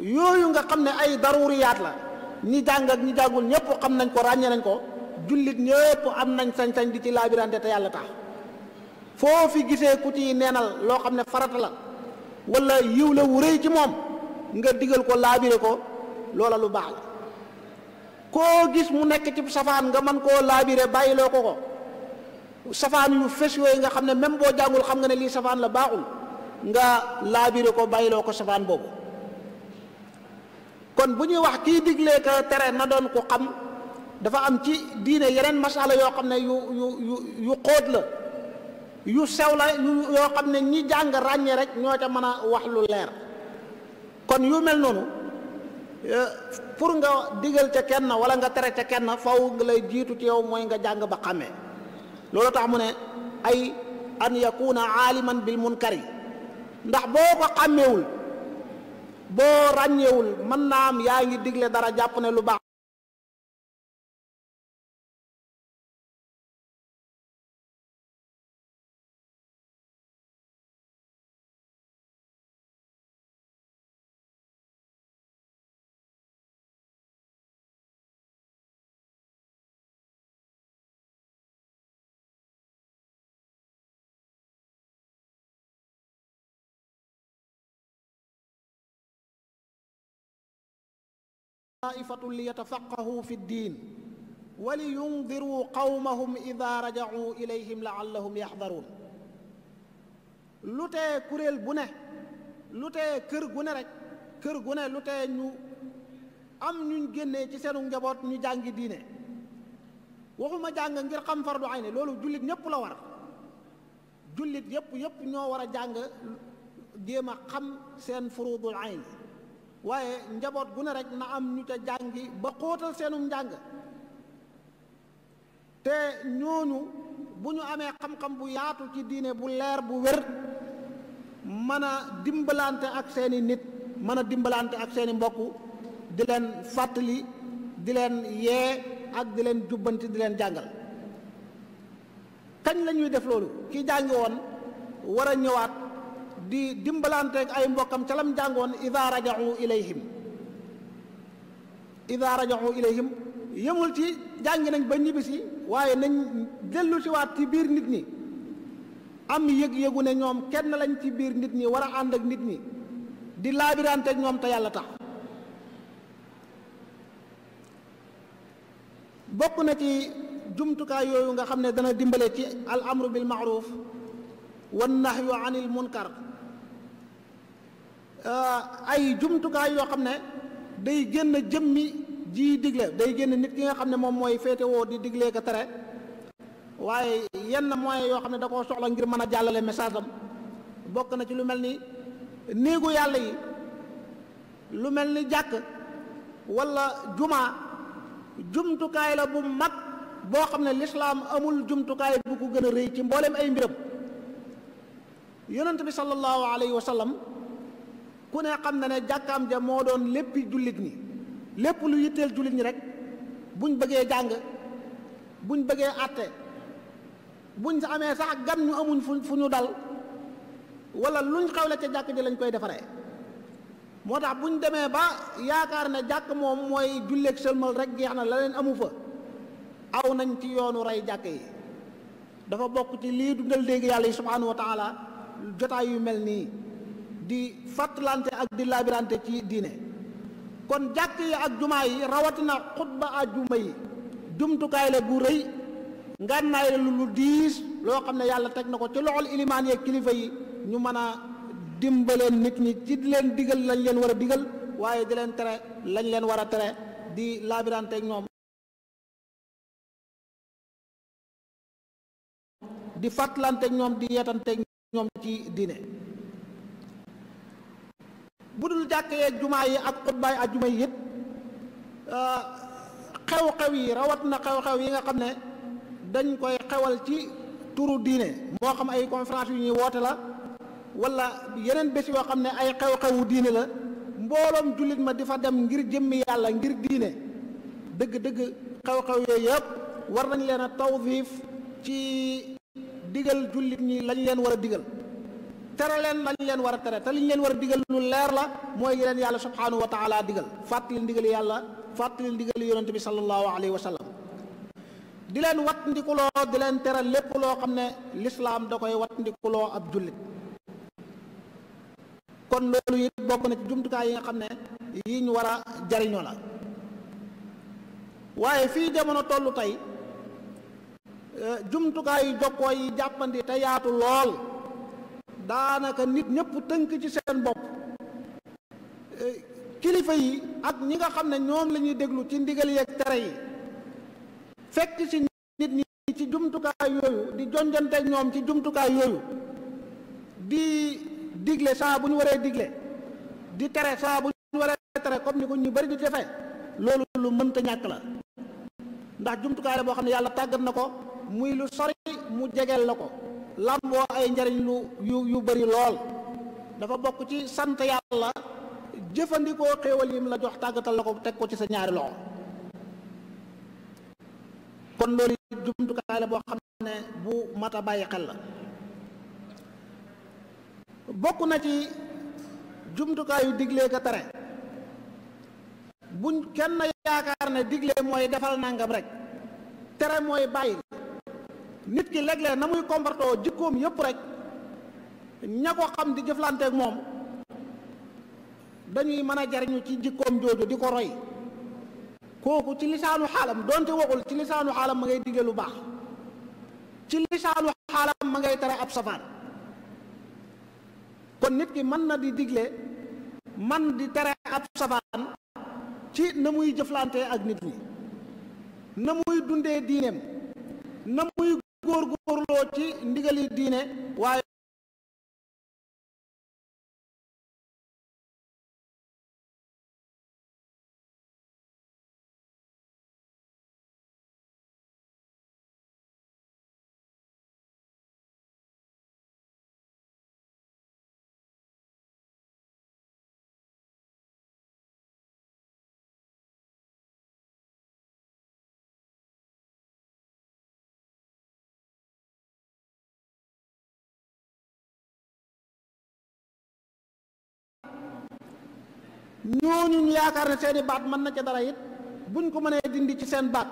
Speaker 2: yooyu nga xam ne ay daruriyaat la ñi jàng ak ñi jàngul ñëpp nañ ko ràññee nañ ko jullit ñëpp am nañ sañ-sañ di ci laabirante te yàlla tax foo fi gisee ku ci neenal loo xam ne farata la wala yiw la wu rëy ci moom nga digal ko laabire ko loola lu baax la koo gis mu nekk ci safaan nga mën koo laabire bàyyiloo ko ko safaan yu fes yooyu nga xam ne même boo jàngul xam nga ne lii safaan la baaxul nga laabire ko bàyyiloo ko safaan boobu kon bu ñuy wax kii diglee ka tere na doon ko xam dafa am ci diine yeneen masala yoo xam ne yu yu yu xóot la yu sew la yoo xam ne ñi jàng ràññee rek ñoo ca mën a wax lu leer kon yu mel noonu e, pour nga digal ca kenn wala nga tere ca kenn faw nga lay jiitu ci yow mooy nga jàng ba xamee loolu tax mu ne ay an yakuna aaliman bil munkari
Speaker 3: ndax boo ko xàmmeewul boo ràññewul mën naa am yaa ngi digle dara jàpp ne lu baax taifatun li yatafaqahu fi ddin wa li yundiru qawmahum
Speaker 2: ida rajacuu ilayhim laallahum yaxdaruun lu tee kuréel gu ne lu tee kër gu ne rek kër gu ne lu tee ñu am ñuñ génnee ci seenu njaboot ñu jàngi diine waxuma jàng ngir xam fardu ayni loolu jullit ñépp la war jullit yépp yépp ñoo war a jàng jéem a xam seen furudul ayni waaye njaboot gu ne na am ñu ca jàngi ba xóotal seenum njàng te ñooñu bu ñu amee xam-xam bu yaatu ci diine bu leer bu wér mën a dimbalante ak seeni nit mën a dimbalante ak seeni mbokk di leen fàttali di leen yee ak di leen jubbanti di leen jàngal kañ lañuy def loolu ki jàngi woon war a ñëwaat di dimbalanteeg ay mbokkam ca lam jàngoon ida rajau ilayhim ida rajau ilayhim yëmul ci jàngi nañ ba ñibbisi waaye nañ dellu ci waat ci biir nit ñi am yëg-yëgu ne ñoom kenn lañ ci biir nit ñi war a ànd ak nit ñi di laabiranteeg ñoom te yàlla tax bokk na ci jumtukaay yooyu nga xam ne dana dimbale ci al amru bil maaruf wan nahyu anil munkar Euh, ay jumtukaay yoo xam ne day génn jëmmi ji digle day génn nit ki nga xam ne moom mooy féete di diglee ko tere waaye yenn moyens yoo xam ne da koo soxla ngir mën a jàllale message bokk na ci lu mel ni néegu yàlla yi lu mel ni jàkk walla jumaa jumtukaay la bu mag boo xam ne lislaam amul jumtukaay bu ko gën a rëy ci mboolem ay mbiram yonent bi sallallahu alayhi wa ku ne xam na ne jàkkaam ja moo doon léppi jullit ñi lépp lu yitteel jullit ñi rek buñ bëggee jàng buñ bëggee àtte buñ sa amee sax gan ñu amuñ fu ñu dal wala luñ xawle ca jàkk ji lañ koy defaree moo tax buñ demee ba yaakaar ne jàkk moom mooy julleeg sëlmal rek jeex na la leen amu fa aw nañ ci yoonu rey jàkk yi dafa bokk ci lii du dégg yàlla yi subhanahu wa taala jotaay yu mel nii di fàttalante ak di laabirante ci diine kon jàkk yi ak jumaa yi rawatina xutba àjjuma yi jumtukaay la bu rëy ngànnaay la lu diis loo xam ne yàlla teg na ko ci loxol ilimaan yeeg kilifa yi ñu mën a dimbaleen nit ñi ci leen digal lañ leen war a digal waaye di leen tere lañ leen war
Speaker 3: a tere di laabirante ak ñoom di fàttalante ak ñoom di yeetante ñoom ci diine
Speaker 2: bu dul jàkk yeeg jumaa yi ak xutbaay ajuma yi it euh, xew-xew yi rawat na xew-xew yi nga xam ne dañ koy xewal ci turu diine moo xam ay conférence yu ñuy woote la wala yeneen bés yoo xam ne ay xew-xewu diine la mbooloom jullit ma di fa dem ngir jëmmi yàlla ngir diine dëgg-dëgg xew-xew yooyu yëpp war nañ leen a tawfiif ci digal jullit ñi lañ leen war a digal tere leen lañ leen war a tere te liñ leen war a digal lu leer la mooy yi leen yàlla subhanahu wa taala digal fàttali ndigali yàlla fàttali ndigali yonent bi sallallahu alayhi wa sallam di leen wat ndikuloo di leen tere lépp loo xam ne lislaam da koy wat loo ab jullit kon loolu it bokk na ci jumtukaay yi nga xam ne yi ñu war a jariñoo la waaye fii jamono tollu tey eh, jumtukaay yu jokkoo yi jàppandi te yaatu lool daanaka nit ñëpp tënk ci seen bopp eh, kilifa yi ak ñi nga xam ne ñoom la ñuy déglu ci ndigal yeeg tere yi fekk ci nit ñi ci jumtukaay yooyu di jonjanteeg ñoom ci jumtukaay yooyu di digle saa bu ñu waree digle di tere saa bu ñu waree tere comme ni ko ñu bari di defee loolu lu mënta ñàkk la ndax jumtukaay la boo xam ne yàlla tàggat na ko muy lu sori mu jegeel la ko làmboo ay njariñ lu yu yu bari lool dafa bokk ci sant yàlla jëfandikoo xéewal yim la jox tàggatal la ko teg ko ci sa ñaari loxo kon loolu jumtukaay la boo xam ne bu mat a bàyyi xel la bokk na ci jumtukaayu diglee ka tere buñ kenn yaakaar ne diglee mooy defal nangam rek tere mooy bàyyi nit ki léeg na muy comportoo jikkoom yépp rek ña ko xam di jëflanteek moom dañuy mën a jariñu ci jikkoom jooju di ko roy kooku ci lisaanu xaalam donte waxul ci lisaanu xaalam ma ngay digge lu baax ci lisaanu xaalam ma ngay tere ab safaan kon nit ki mën na di digle man di tere ab safaan ci na muy jëflante ak nit ñi na muy dundee diineem na
Speaker 3: muy góorgóorloo ci ndigali diine waaye ñooñu ñu yaakaar ne seeni baat mën na
Speaker 2: ca dara it buñ ko mënee dindi ci seen baat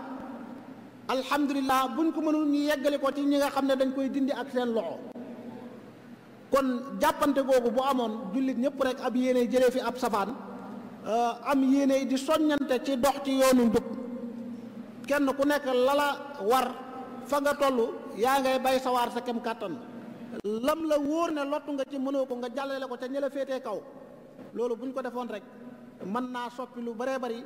Speaker 2: alhamdulilah buñ ko mënul ñu yeggali ko ci ñi nga xam ne dañ koy dindi ak seen loxo kon jàppante googu bu amoon jullit ñëpp rek ab yéene jëlee fi ab safaan euh, am yéene di soññante ci dox ci yoonu njub kenn ku nekk lala war fa nga toll yaa ngay bay sawaar sa kem kàttan lam la wóor ne lottu nga ci mënoo ko nga jàllale ko ca ña la féetee kaw loolu buñ ko defoon rek mën naa soppi lu bëree bari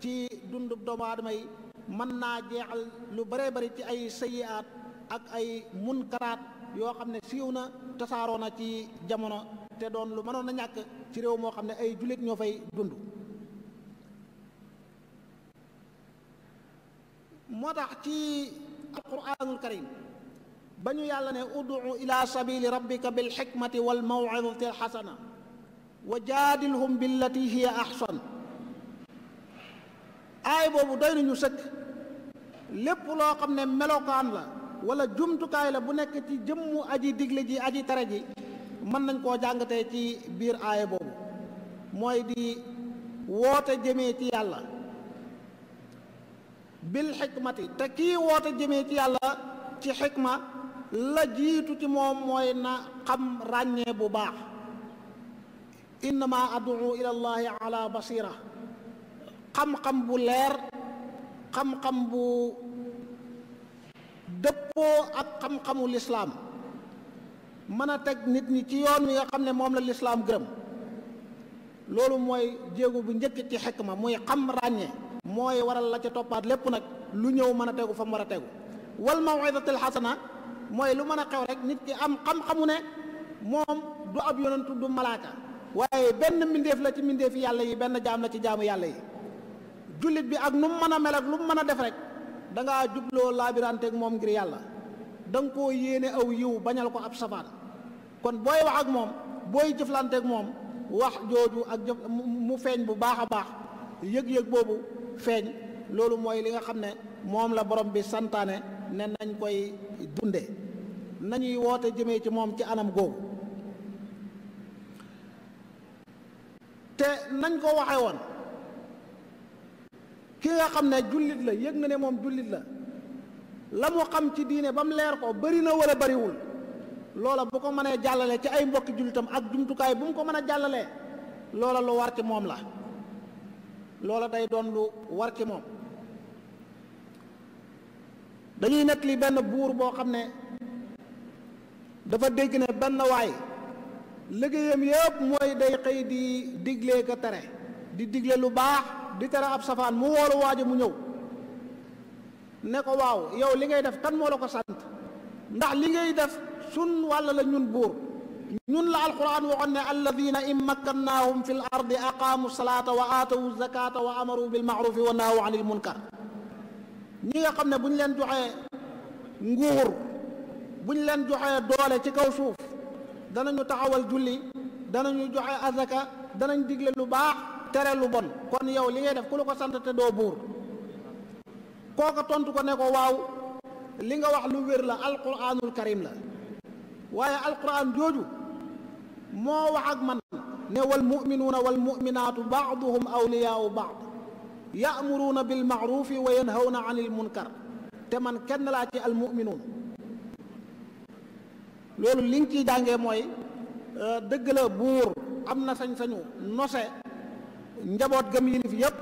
Speaker 2: ci dundu doomu aadama yi mën naa jeexal lu bëree bari ci ay sayiaat ak ay munkaraat yoo xam ne siiw na tasaaroo na ci jamono te doon lu mënoon a ñàkk ci réew moo xam ne ay jullit ñoo fay dund moo tax ci alquranul karim ba ñu yàlla ne ud'u ila sabili rabbika bil hikmati wal maw'izati al hasana wa jaadilhum billati hiya ahsan aay boobu doy nañu sëkk lépp loo xam ne melokaan la wala jumtukaay la bu nekk ci jëmmu aji digle ji aji tere ji mën nañ koo jàngatee ci biir aaya boobu mooy di woote jëmee ci yàlla bil xikmati te kii woote jëmee ci yàlla ci xikma la jiitu ci moom mooy na xam ràññee bu baax innama ad'u ila allahi ala basira xam-xam bu leer xam-xam bu dëppoo ak xam-xamu lislaam mën a teg nit ñi ci yoon wi nga xam ne moom la lislaam gërëm loolu mooy jéego bu njëkk ci ma muy xam ràññee mooy waral la ca toppaat lépp nag lu ñëw mën a tegu fa mu war a tegu wal mawidatil xasana mooy lu mën a xew rek nit ki am xam-xamu ne moom du ab yonentu du malaaka waaye benn mbindeef la ci mbindeefi yàlla yi benn jaam la ci jaamu yàlla yi jullit bi ak nu mu mën a mel ak lu mu mën a def rek da jubloo laabirante ak moom ngir yàlla da nga yéene aw yiw bañal ko ab safaan kon booy wax ak moom booy jëflante ak moom wax jooju ak jëf mu feeñ bu baax a baax yëg-yëg boobu feeñ loolu mooy li nga xam ne moom la borom bi santaane nen nañ koy dunde nañuy woote jëmee ci moom ci anam googu te nañ ko waxe woon ki nga xam ne jullit la yég na ne moom jullit la la mu xam ci diine ba mu leer ko bari na wala bariwul loola bu ko mënee jàllalee ci ay mbokki jullitam ak jumtukaay bu mu ko mën a jàllalee loola lu war ci moom la loola day doon lu war ci moom dañuy nekk li benn buur boo xam ne dafa dégg ne benn waay liggéeyam yëpp mooy day xëy di diglee ka tere di digle lu baax di tere ab safaan mu woolu waajo mu ñëw ne ko waaw yow li ngay def kan moo ko sant ndax li ngay def sun wàll la ñun buur ñun la alquran waxoon ne alladina in makkannaahum fi l ardi aqaamu salaata wa aatawu zakata wa amaru bil maarufi wa naawu an il munkar ñi nga xam ne bu ñu leen joxee nguur bu ñu leen joxee doole ci kaw suuf danañu taxawal julli danañu joxe azaka danañ digle lu baax tere lu bon kon yow li ngay def ku la ko sant te doo buur kooka tontu ko ne waaw li nga wax lu wér la alquranul karim la waaye alquran jooju moo wax ak man ne wal muminuuna wal muminaatu baaduhum awliyaau baad yaamuruuna bilmaarufi wa yanhawna an il munkar te man kenn laa ci al muminuun loolu li nga ciy jàngee mooy euh, dëgg la buur am na sañ-sañu nose njaboot gëm yilif yëpp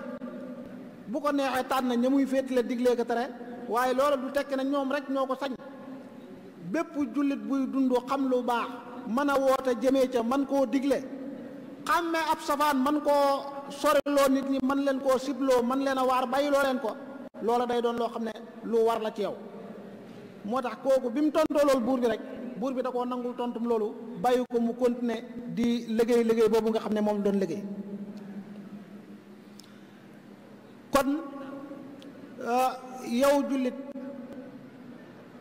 Speaker 2: bu ko neexee tànn ña muy féetale diglee ko tere waaye loolu du tekki na ñoom rek ñoo ko sañ bépp jullit buy dund xam lu baax mën a woote jëmee ca man koo digle xàmmee ab safaan man koo soriloo nit ñi man leen koo sibloo man leen a waar bàyyiloo leen ko loola day doon loo xam ne lu war la ci yow moo tax kooku bi mu tontoo loolu buur bi rek buur bi da koo nangul tontum loolu bàyyi ko mu continuer di liggéey liggéey boobu nga xam ne moom doon liggéey kon euh, yow jullit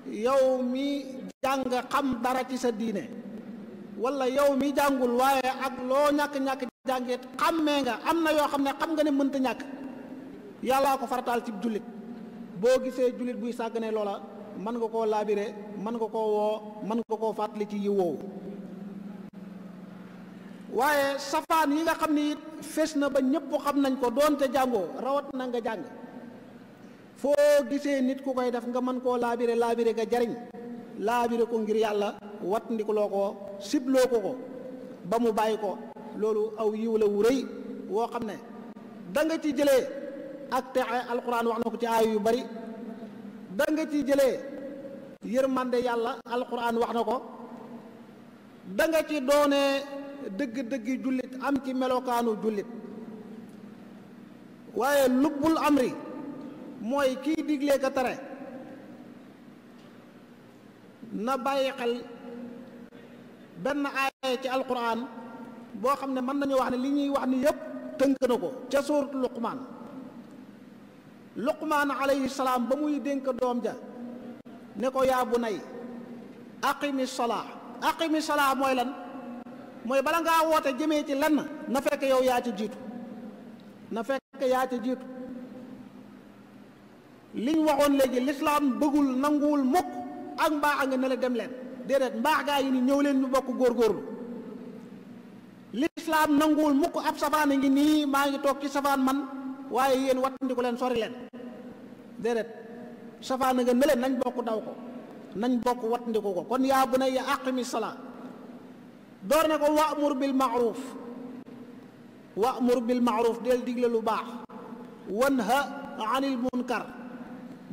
Speaker 2: yow mi jàng xam dara ci sa diine wala yow mi jàngul waaye ak loo ñàkk-ñàkk jàngit xammee nga am na yoo xam ne xam nga ne mënt ñàkk yàllaa ko farataal ci jullit boo gisee jullit buy sàgganee loola mën nga koo laabire mën nga koo woo mën nga koo fàttali ci yi woowu waaye safaan yi nga xam ni it fees na ba ñëpp xam nañ ko doonte jàngoo rawat na nga jàng foo gisee nit ku koy def nga mën koo laabire laabire nga jariñ laabire ko ngir yàlla wat ndikuloo ko sibloo ko ko ba mu bàyyi ko loolu aw yiw la wu rëy woo xam ne da ci jëlee ak te alquran wax na ko ci aay yu bari da nga ci jëlee yërmande yàlla alxuraan wax na ko da nga ci doonee dëgg-dëggi jullit am ci melokaanu jullit waaye lubbul amri mooy kiy diglee ka tere na bàyyi xel benn aaya ci alquran boo xam ne mën nañu wax ne li ñuy wax ni yépp tënk na ko ca suuratul luqmaan luqmaan alayhi salaam ba muy dénk doom ja ne ko yaa bu nay aqimi salaa aqimi salaa mooy lan mooy bala ngaa woote jëmee ci lan na fekk yow yaa ci jiitu na fekk yaa ci jiitu liñ waxoon léegi lislaam bëggul nanguwul mukk ak mbaax a nga ne la dem leen déedéet mbaax gaa yi ni ñëw leen ñu bokk góor góorgóorlu lislaam nanguwul mukk ab safaan a ngi nii maa ngi toog ci safaan man waaye yéen wattandiku leen sori leen déedéet na nga ne leen nañ bokk daw ko nañ bokk wattandiku ko kon yaa bunayya aqimi salaa door na ko wa'mur bil ma'ruf wa'mur bil ma'ruf del digle lu baax wanha anil munkar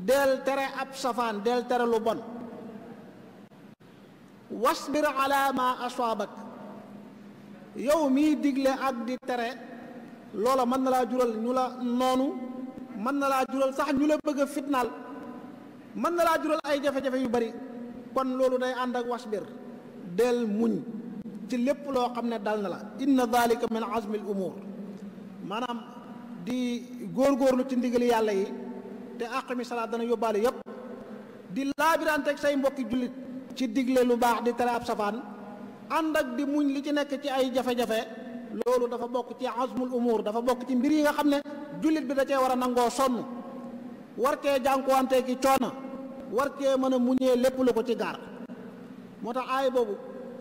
Speaker 2: del tere ab safaan del tere lu bon wasbir ala ma yow mii digle ak di tere loola mën na laa jural ñu la noonu mën na laa jural sax ñu la bëgg fitnaal mën na laa jural ay jafe-jafe yu bari kon loolu day ànd ak wasbir del muñ ci lépp loo xam ne dal na la inna dalika min azmi al umur maanaam di góorgóorlu ci ndigali yàlla yi te aqami salaat dana yóbbaale yépp di laabirante ak say mbokki jullit ci digle lu baax di tere ab safaan ànd ak di muñ li ci nekk ci ay jafe-jafe loolu dafa bokk ci azmul umur dafa bokk ci mbir yi nga xam ne jullit bi da cee war a nangoo sonn war cee jànkuwante ki coono war cee mën a muñee lépp lu ko ci gaar moo tax aay boobu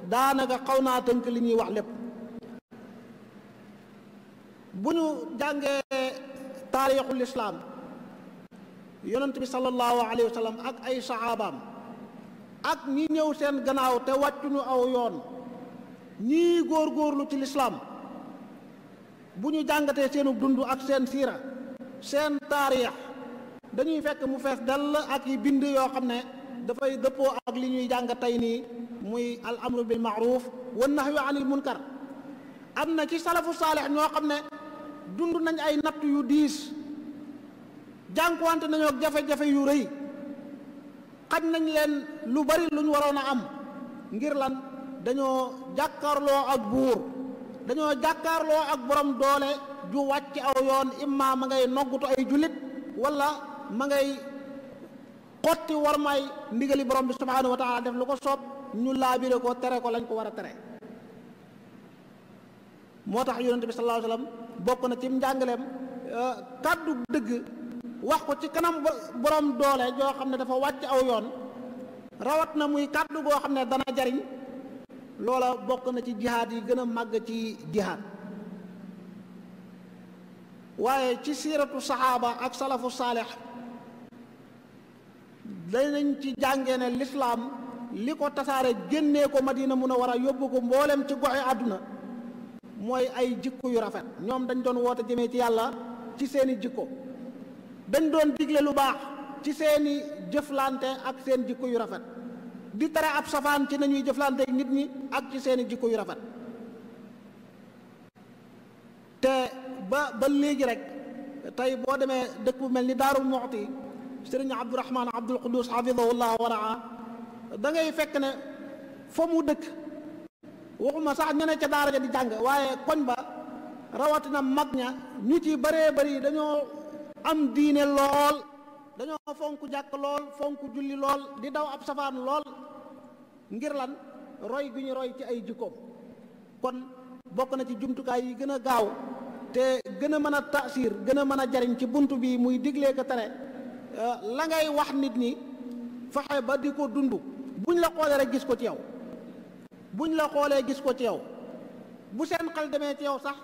Speaker 2: daanaka xaw naa tënk li ñuy wax lépp bu ñu jàngee taarixul islaam yonent bi sallallahu alayhi wa sallam ak ay saxaabaam ak ñi ñëw seen gannaaw te wàccuñu aw yoon ñii góor góorlu ci lislaam bu ñu jàngatee seenu dund ak seen siira seen taarix dañuy fekk mu fees dell ak yi bind yoo xam ne dafay dëppoo ak li ñuy jàng tey nii muy al amru bil maaruf wa nahyu anil munkar am na ci salafu saalix ñoo xam ne dund nañ ay natt yu diis jànkuwante nañoo jafe-jafe yu rëy xaj nañ leen lu bari luñu waroon a am ngir lan dañoo jàkkaarloo ak buur dañoo jàkkaarloo ak borom doole ju wàcc aw yoon imma a ngay noggutu ay jullit wala ma ngay xotti war may ndigali borom bi subhanahu wa taala def lu ko soob ñu laabire ko tere ko lañ ko war a tere moo tax yonent bi sallallahu alayhi wa bokk na ci njàngaleem euh, kàddu dëgg wax ko ci kanam borom doole joo xam ne dafa wàcc aw yoon rawat na muy kàddu goo xam ne dana jariñ loola bokk na ci jihaad yi gën a màgg ci jihaad waaye ci siiratu saxaaba ak salafu saalix danañ ci jàngee ne lislaam li ko tasaare génnee ko madina mun a war a yóbbu ko mboolem ci goxe àdduna mooy ay jikko yu rafet ñoom dañ doon woote jëmee ci yàlla ci seeni jikko dañ doon digle lu baax ci seeni jëflante ak seen jikko yu rafet di tere ab safaan ci nañuy jëflanteeg nit ñi ak ci seeni jikko yu rafet te ba ba léegi rek tey boo demee dëkk bu mel ni Daaru Muxti sëriñ Abdourahman Abdul Quddus xafidahullah waraa da ngay fekk ne fa mu dëkk waxuma sax ñu ne ca daara ja di jàng waaye koñ ba rawatina mag ña ñu ci bëree bëri dañoo am diine lool dañoo fonk jàkk lool fonk julli lool di daw ab safaan lool ngir lan roy gu ñu roy ci ay jikkoom kon bokk na ci jumtukaay yi gën a gaaw te gën a mën a taasir gën a mën a jariñ ci bunt bii muy diglee ko tere euh, la ngay wax nit ñi fexe ba di ko dund buñ la xoolee rek gis ko ci yow buñ la xoolee gis ko ci yow bu seen xel demee ci yow sax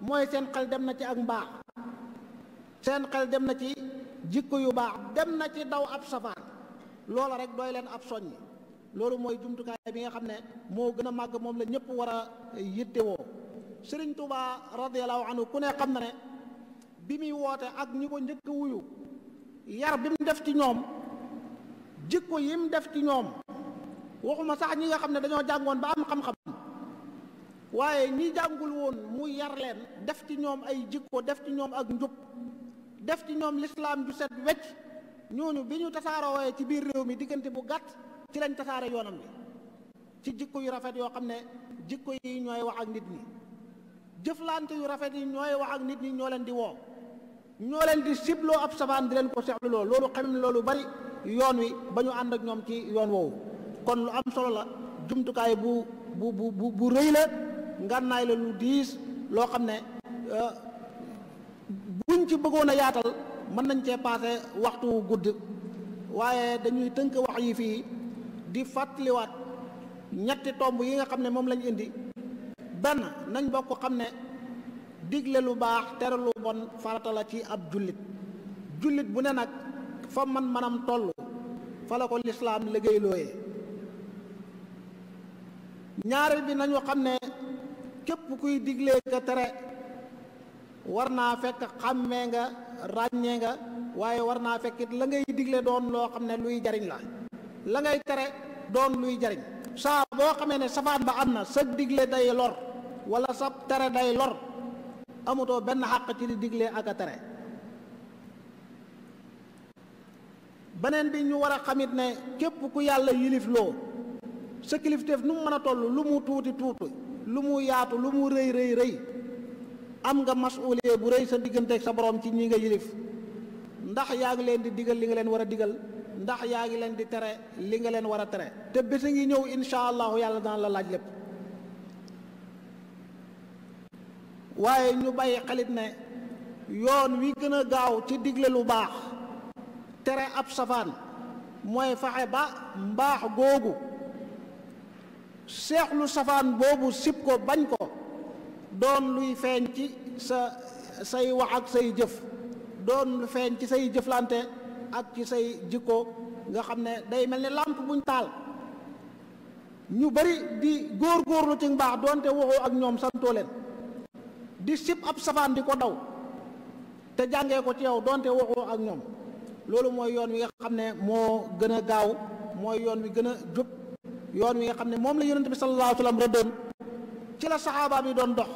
Speaker 2: mooy seen xel dem na ci ak mbaax seen xel dem na ci jikko yu baax dem na ci daw ab safaan loola rek doy leen ab soññi loolu mooy jumtukaay bi nga xam ne moo gën a màgg moom la ñëpp war a yittewoo sëriñ Tuubaa radiyallahu anhu ku ne xam na ne bi muy woote ak ñi ko njëkk wuyu yar bi mu def ci ñoom jikko yi mu def ci ñoom waxuma sax ñi nga xam ne dañoo jàngoon ba am xam-xam waaye ñi jàngul woon mu yar leen def ci ñoom ay jikko def ci ñoom ak njub def ci ñoom lislaam ju set wecc ñooñu bi ñu tasaaroo waaye ci biir réew mi diggante bu gàtt ci lañ tasaare yoonam bi ci jikko yu rafet yoo xam ne jikko yi ñooy wax ak nit ñi jëflante yu rafet yi ñooy wax ak nit ñi ñoo leen di woo ñoo leen di sibloo ab sabaan di leen ko seexluloo loolu xam ne loolu bari yoon wi ba ñu ànd ak ñoom ci yoon woowu kon lu am solo la jumtukaay bu bu bu bu rëy la ngànnaay la lu diis loo xam ne euh, buñ ci bëggoon a yaatal mën nañ cee passé waxtu gudd waaye dañuy tënk wax yi fii di fàttaliwaat ñetti tomb yi nga xam ne moom lañ indi benn nañ bokk xam ne digle lu baax tere lu bon farata ci ab jullit jullit bu ne nag fa man manam toll fa la ko lislaam liggéey looyee ñaareel bi nañu xam ne képp kuy diglee ka tere war naa fekk xàmmee nga ràññee nga waaye war naa fekk la ngay digle doon loo xam ne luy jariñ la la ngay tere doon luy jariñ saa boo xamee ne safaan ba am na sa digle day lor wala sa tere day lor amatoo benn xàq ci di digle ak tere beneen bi ñu war a xamit ne képp ku yàlla yilif loo sa kilifteef nu mën a toll lu mu tuuti tuuti lu mu yaatu lu mu rëy rëy rëy am nga masuulee bu rëy sa digganteeg sa borom ci ñi nga yilif ndax yaa ngi leen di diggal li nga leen war a digal ndax yaa ngi leen di tere li nga leen war a tere te bés a ngi ñëw insha allahu yàlla daan la laaj lépp waaye ñu bàyyi xalit ne yoon wi gën a gaaw ci digle lu baax tere ab safaan mooy faxe ba mbaax googu seexlu safaan boobu sib ko bañ ko doon luy feeñ ci sa say wax ak say jëf doon lu feeñ ci say jëflante ak ci say jikko nga xam ne day mel ni làmp buñ taal ñu bari di góor-góorlu ci mbaax doonte waxoo ak ñoom santoo leen di sib ab safaan di ko daw te jàngee ko ci yow doonte waxoo ak ñoom loolu mooy yoon wi nga xam ne moo gën a gaaw mooy yoon wi gën a jub yoon wi nga xam ne moom la yonent bi sallallahu alayhi wa sallam rëddoon ci la saxaaba bi doon dox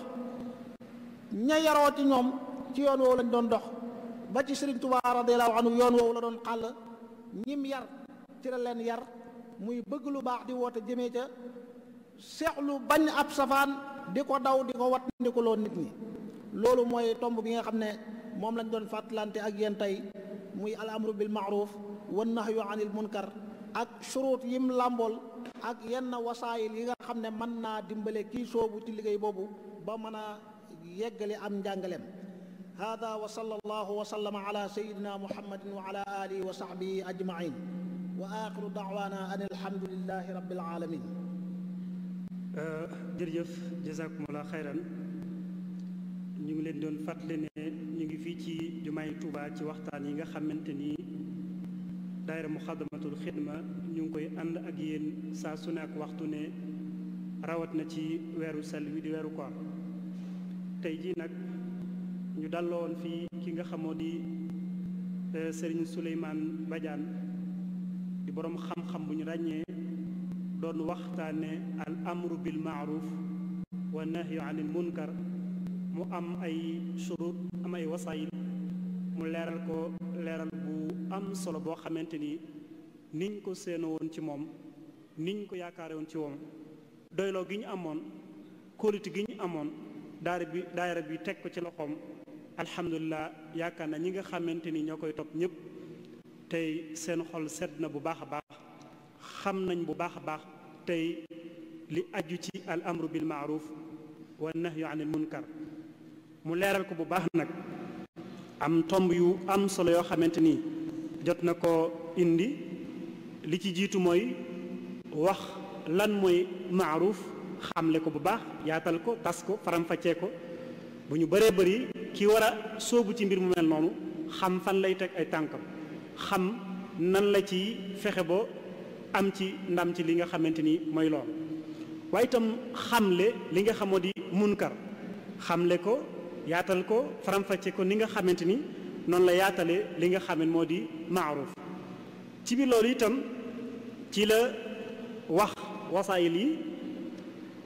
Speaker 2: ña yaroo ci ñoom ci yoon woowu lañu doon dox ba ci Sëriñ Tuubaa radiyallaahu anhu yoon woowu la doon xàll ñim yar ci la leen yar muy bëgg lu baax di woote jëmee ca seexlu bañ ab safaan di ko daw di ko wat ndi nit ñi loolu mooy tomb bi nga xam ne moom lañ doon fàttalante ak yéen tey muy al amru bil maaruf wan nahyu anil munkar ak shuruut yim làmbool ak yenn wasaayil yi nga xam ne mën naa dimbale kii soobu ci liggéey boobu ba mën yeggale am njàngaleem hada wa sallallahu wa sallama ala sayidina muhammadin wa ala alihi wa sahbihi ajmain wa axiru daawana an alhamdulilahi rabbil alamin
Speaker 1: euh, jërëjëf jazakumullah xayran ñu ngi leen doon fàttali ne ñu ngi fii ci jumaay Tuuba ci waxtaan yi nga xamante ni daayira muxadamatul xidma ñu ngi koy ànd ak yéen saa su ne ak waxtu ne rawat na ci weeru sel wi di weeru koor tey jii nag ñu dalloon fii ki nga xamoo di euh, sëriñ Souleymane Badiane di boroom xam-xam bu ñu ràññee doon waxtaane al amru bil maaruf wa nahyu anil munkar mu am ay shurut am ay wasaayil mu leeral ko leeral bu am solo boo xamante ni niñ ko séenoo woon ci moom niñ ko yaakaare woon ci moom doyloo gi ñu amoon kóolite gi ñu amoon daara bi daayira bi teg ko ci loxoom alhamdulilah yaakaar na ñi nga xamante ni ñoo koy topp ñëpp tey seen xol sedd na bu baax a baax xam nañ bu baax a baax tey li aju ci al amru bil maaruf wa nahyu anil munkar mu leeral ko bu baax nag am tomb yu am solo yoo xamante ni jot na ko indi li ci jiitu mooy wax lan mooy maaruf xamle ko bu baax yaatal ko tas ko faram-fàccee ko bu ñu baree bëri ki war a sóobu ci mbir mu mel noonu xam fan lay teg ay tànkam xam nan la ci fexe ba am ci ndam ci li nga xamante ni mooy lool waaye itam xamle li nga xamoo di munkar xamle ko yaatal ko faram ko ni nga xamante ni noonu la yaatale li nga xamant moo di maaruf ci biir loolu itam ci la wax wasaayil yi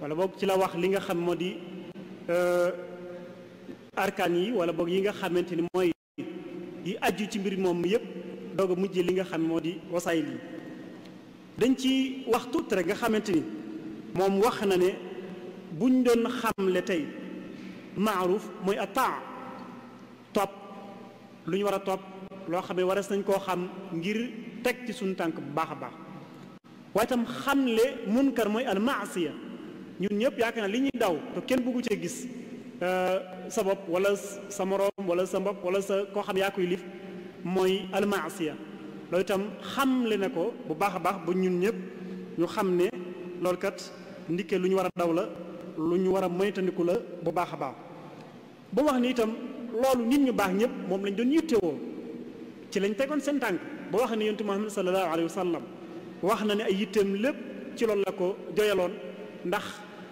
Speaker 1: wala boog ci la wax li nga xam moo di euh, arkan yi wala boog yi nga xamante ni mooy yi aju ci mbir moom yëpp doog a mujj li nga xam moo di wasaayil yi dañ ci wax tuuti nga xamante ni moom wax na ne buñ doon xamle tey maaruf mooy ataa topp lu ñu war a topp loo xam ne waras nañ koo xam ngir teg ci suñu tànk bu baax a baax waaye tam xamle mun munkar mooy al maasiya ñun ñëpp yaakaar naa li ñuy daw te kenn bëggu cee gis euh, sa bopp wala sa moroom wala sa mbopp wala sa koo xam yaa koy lif mooy almaasiya loolu itam xamle ko bu baax a baax ba ñun ñëpp ñu xam ne loolu kat lu ñu war a daw la lu ñu war a moytandiku la bu baax a baax ba wax ni itam loolu nit ñu baax ñëpp moom lañ doon yittewoo ci lañ tegoon seen tànk ba wax ne yontu Muhammad sallallahu alayhi wa sallam wax na ne ay yitteem lépp ci loolu la ko joyaloon ndax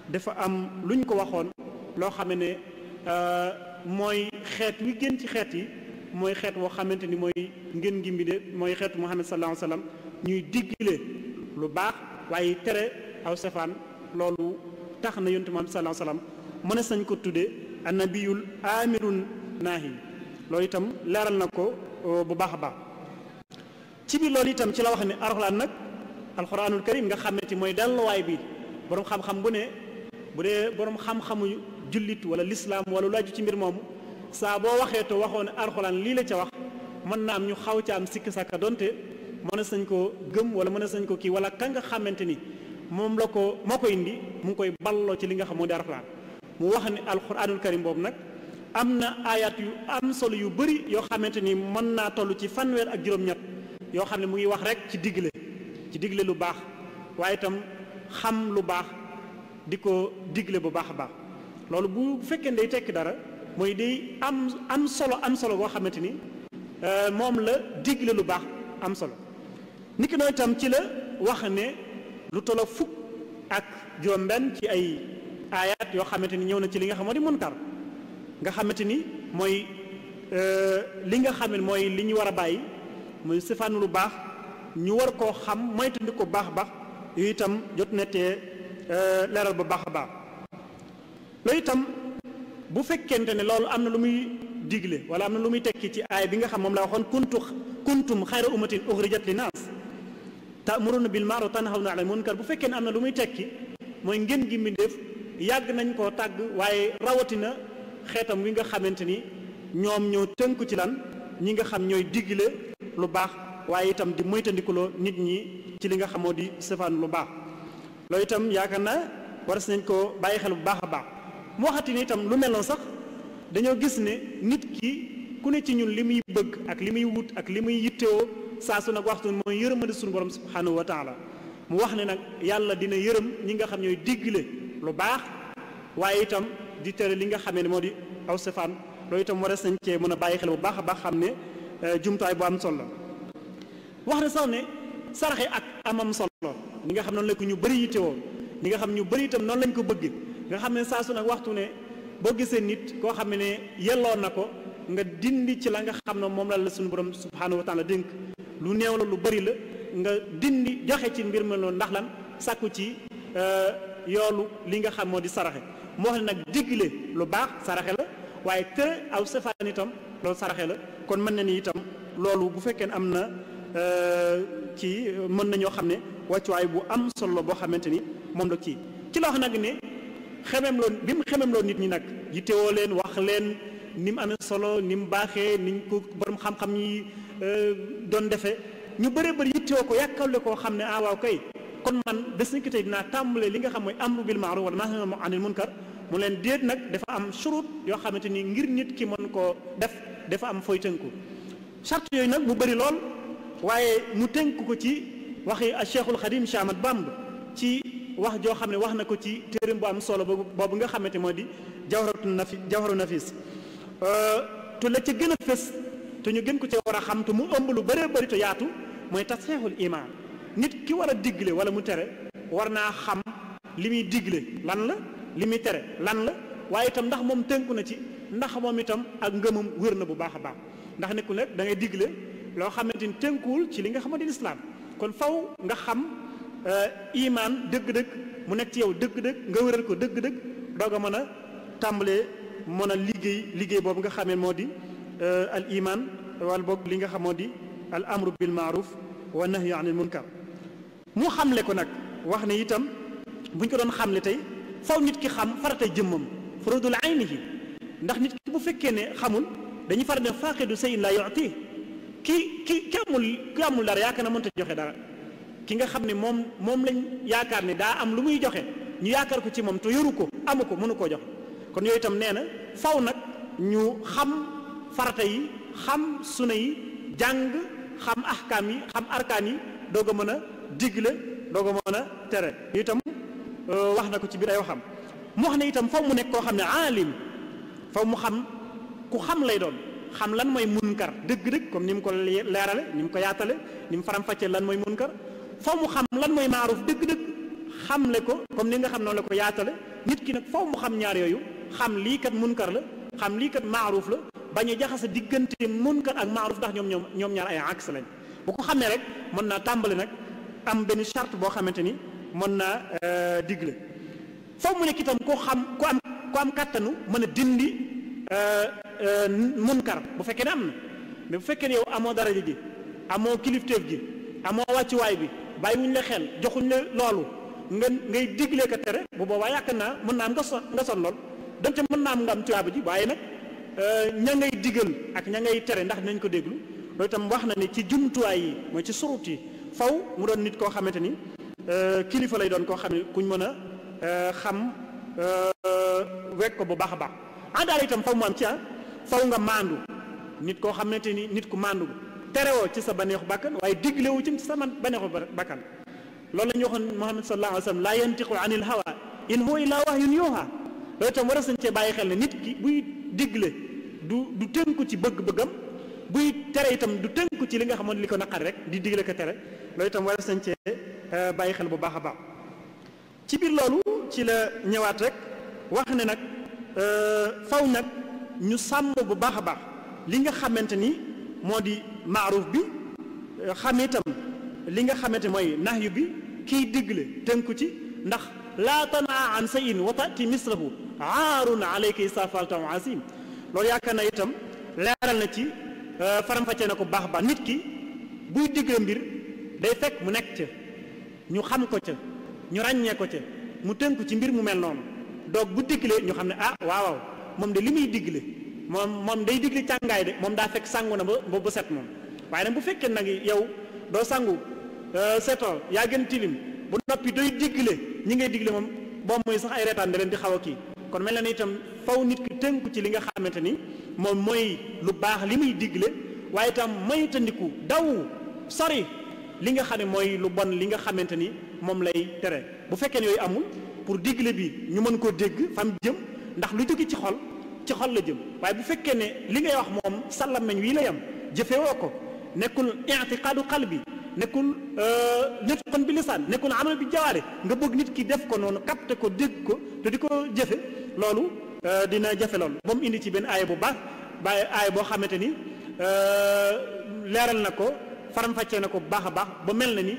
Speaker 1: dafa am lu ñu ko waxoon loo xam ne euh, mooy xeet wi gën ci xeet yi mooy xeet woo xamante ni mooy ngeen ngi mbindee mooy xeetu Muhammad sallallahu alayhi wasallam ñuy digle lu baax waaye tere aw safaan loolu tax na yontu Muhammad sallallahu alayhi wasallam sañ ko tuddee annabiyul amirun naahi loolu itam leeral na ko euh, bu baax a baax ci biir loolu itam ci la wax ne alxuraan nag alxuraanul karim nga xamante mooy delluwaay bi boroom xam-xam bu ne bu dee borom xam-xamu jullit wala lislaam wala lu aju ci mbir moomu saa boo waxee te waxoon alxuraan lii la ca wax mën na am ñu xaw ca am sikk sàkka donte mën na sañ ko gëm wala mën na sañ ko kii wala ka nga xamante ni moom la ko moo ko indi mu ngi koy balloo ci li nga xam moo di alxuraan mu wax ne alxuraanul karim boobu nag am na ayat yu am solo yu bëri yoo xamante ni mën naa toll ci fanweer ak juróom-ñett yoo xam ne mu ngi wax rek ci digle ci digle lu baax waaye itam xam lu baax di ko digle bu baax a baax loolu bu fekkee day tekki dara mooy day am am solo am solo goo xamante ni euh, moom la digle lu baax am solo niki noonu itam ci la wax ne lu toll fukk ak juróom-benn ci ay aayaat yoo xamante ni ñëw na ci li nga xam moo di munkar nga xamante ni mooy euh, li nga xam ne mooy li ñu war a bàyyi mooy sifaanu lu baax ñu war koo xam moytandi ko baax baax yooyu itam jot na tee Euh, leeral bu baax a baax loolu itam bu fekkente ne loolu am na lu muy digle wala am na lu muy tekki ci aay bi nga xam moom laa waxoon kuntu kuntum xayra ummatin uxrijat li naas taamuruna bil maaruf tanhawna anil munkar bu fekkee ne am na lu muy tekki mooy ngeen gi def yàgg nañ koo tàgg waaye rawatina xeetam wi nga xamante ni ñoom ñoo tënku ci lan ñi nga xam ñooy digle lu baax waaye itam di moytandikuloo nit ñi ci li nga xamoo di sëfaan lu baax loolu itam yaakaar na war nañ koo bàyyi xel bu baax a baax mu waxati ni lu mel noonu sax dañoo gis ne nit ki ku ne ci ñun li muy bëgg ak li muy wut ak li muy yittewoo saa su nag waxtu mooy yërëmande suñu borom subhanahu wa taala mu wax ne nag yàlla dina yërëm ñi nga xam ñooy digle lu baax waaye itam di tere li nga xamee ne moo di aw safaan loolu itam war nañ cee mun a bàyyi xel bu baax a baax xam ne eh, jumtaay bu am solo la wax na sax ne saraxe ak amam solo ni nga xam noonu la ko ñu bëri yittewoo ni nga xam ñu bëri itam noonu lañ ko bëgg nga xam ne saa su nag waxtu ne boo gisee nit koo xam ne yelloo na ko nga dindi ci la nga xam ne moom la la suñu borom subhaanahu wa taala dénk lu néew la lu bëri la nga dindi joxe ci mbir mi noonu ndax lan sàkku ci euh, yoolu li nga xam moo di saraxe moo xam ne nag digle lu baax saraxe la waaye te aw safaan itam loolu saraxe la kon mën na ni itam loolu bu fekkee am na euh, ci euh, mën nañoo xam ne wàccuwaay bu am solo boo xamante ni moom la kii ci la wax nag ne xemem loo bi mu xemem loo nit ñi nag woo leen wax leen ni mu amee solo ni mu baaxee niñ ko borom xam-xam yi euh, doon defee ñu bëree bëri yittewoo ko yàkkawle koo xam ne ah waaw kay kon man bés ni ki tey dinaa tàmbalee li nga xam mooy amru bil ma'ruf wala nahyi anil munkar mu leen déet nag dafa am churut yoo xamante ni ngir nit ki mën koo def dafa am fooy tënku charte yooyu nag mu bëri lool. waaye mu tënk ko ci waxi Cheikhul Xadim Cheikh Ahmad Bamb ci wax joo xam ne wax na ko ci téeram bu am solo boobu nga xamante mooy di jawharatu nafi jawharu nafis euh, te la ca gën a fës te ñu gën ko ci war a xam te mu ëmb lu bëree bari te yaatu mooy tasxiixul imaan nit ki war a digle wala mu tere war naa xam li muy digle lan la li muy tere lan la waaye itam ndax moom tënku na ci ndax moom itam ak ngëmam wér na bu baax a baax ndax nekkul nag dangay ngay digle loo xamante ni tënkuwul ci li nga xamante ni islaam kon faw nga xam iimaan euh, dëgg-dëgg mu nekk ci yow dëgg-dëgg nga wéral ko dëgg-dëgg doog a mën a tàmbalee mën a liggéey liggéey boobu nga xamee moo di euh, al iman wala boog li nga xamoo di al amru bil maaruf wa nahyu anil munkar mu xamle ko nag wax ne itam buñ ko doon xamle tey faw nit ki xam faratay jëmmam furudul ayni yi ndax nit ki bu fekkee ne xamul dañuy far ne du sayin la yuti ki ki ki amul ki amul dara yaakaar na mënta joxe dara ki nga xam ne moom moom lañ yaakaar ne daa am lu muy joxe ñu yaakaar ko ci moom te yoru ko amu ko mënu koo joxe kon yooyu tam nee na faw nag ñu xam farata yi xam suna yi jàng xam ahkaam yi xam arkaan yi doog mën a digle doog a mën a tere yooyu itam euh, wax na ko ci biir ay waxam mu wax ne itam faw mu nekk koo xam ne aalim faw mu xam ku xam lay doon xam lan mooy munkar dëgg-dëgg comme ni mu ko leerale ni mu ko yaatale ni mu faram-fàccee lan mooy munkar foo mu xam lan mooy maaruf dëgg-dëgg xamle ko comme ni nga xam noonu la ko yaatale nit ki nag foo mu xam ñaar yooyu xam lii kat munkar la xam lii kat maaruf la bañ a jaxase diggante munkar ak maaruf ndax ñoom ñoom ñoom ñaar ay aks lañ bu ko xamee rek mën naa tàmbali nag am benn charte boo xamante ni mën naa euh, digle foo mu nekk itam ku xam ku am ku Euh, euh, munkar bu fekkee ne am na mais bu fekkee ne yow amoo dara ji amoo kilifteef gi amoo wàccuwaay bi bàyyiwuñ la xel joxuñ la loolu nga ngay déglee ko tere bu boobaa yaakaar naa mën naa am nga son nga son lool donte mën naa am nga am tuyaaba ji waaye nag euh, ña ngay digal ak ña ngay tere ndax nañ ko déglu loolu itam wax na ne ci jumtuwaay yi mooy ci surut yi fow mu doon nit koo xamante ni kilifa lay doon koo xam ne kuñ mën a xam wekk ko bu baax a baax. àndaale itam faw mu am ci ah faw nga maandu nit koo xamante ni nit ku maandu terewoo ci sa baneexu bàkkan waaye diglewu ci sa baneexu bàkkan loolu la ñu waxoon Muhammad sallallahu alayhi wa sallam laa yantiqu anil hawa in huwa illaa wahyun yuuha loolu itam war a sañ cee bàyyi xel ne nit ki buy digle du du tënku ci bëgg-bëggam buy tere itam du tënku ci li nga xamoon li ko naqar rek di digle ko tere loolu itam war a sañ cee euh, bàyyi xel bu baax a baax ci biir loolu ci la ñëwaat rek wax ne nag Euh, faw nag ñu sàmm bu baax a baax li nga xamante ni moo di maaruuf bi euh, xam itam li nga xamante mooy nahyu bi kiy digle tënku ci ndax laa tanaa an sa in wa tati na aarun alayka isafaltam asim loolu yaakaar na itam leeral na ci euh, faram na ko baax baax nit ki buy digle mbir day fekk mu nekk ca ñu xam ko ca ñu ràññee ko ca mu tënku ci mbir mu mel noonu doog bu digle ñoo xam ne ah waaw moom de li muy digle moom moom day digle càngaay de moom daa fekk sangu na ba ba set moom waaye nag bu fekkee nag yow doo sangu euh, setoo yaa gën tilim bu noppi doy digle ñi ngay digle moom boo mooy sax ay reetaan da leen di xaw a kii kon mel na ni itam faw nit ki tënku ci li nga xamante ni moom mooy lu baax li muy digle waaye itam moytandiku daw sori li nga xam ne mooy lu bon li nga xamante ni moom lay tere bu fekkee yooyu amul pour digle bi ñu mën koo dégg fam jëm ndax lu jóge ci xol ci xol la jëm waaye bu fekkee ne li ngay wax moom sàllam nañ wii la yam jëfe woo ko nekkul i'tiqaadu qalbi nekkul euh, nutqun bi lisaan nekkul amal bi jawaare nga bëgg nit ki def ko noonu capté ko dégg ko te di ko jëfe loolu euh, dina jafe loolu ba mu indi ci benn aaya bu baax bàyyi aaya boo xamante ni euh, leeral na ko faram-fàccee na ko bu baax a baax ba mel na ni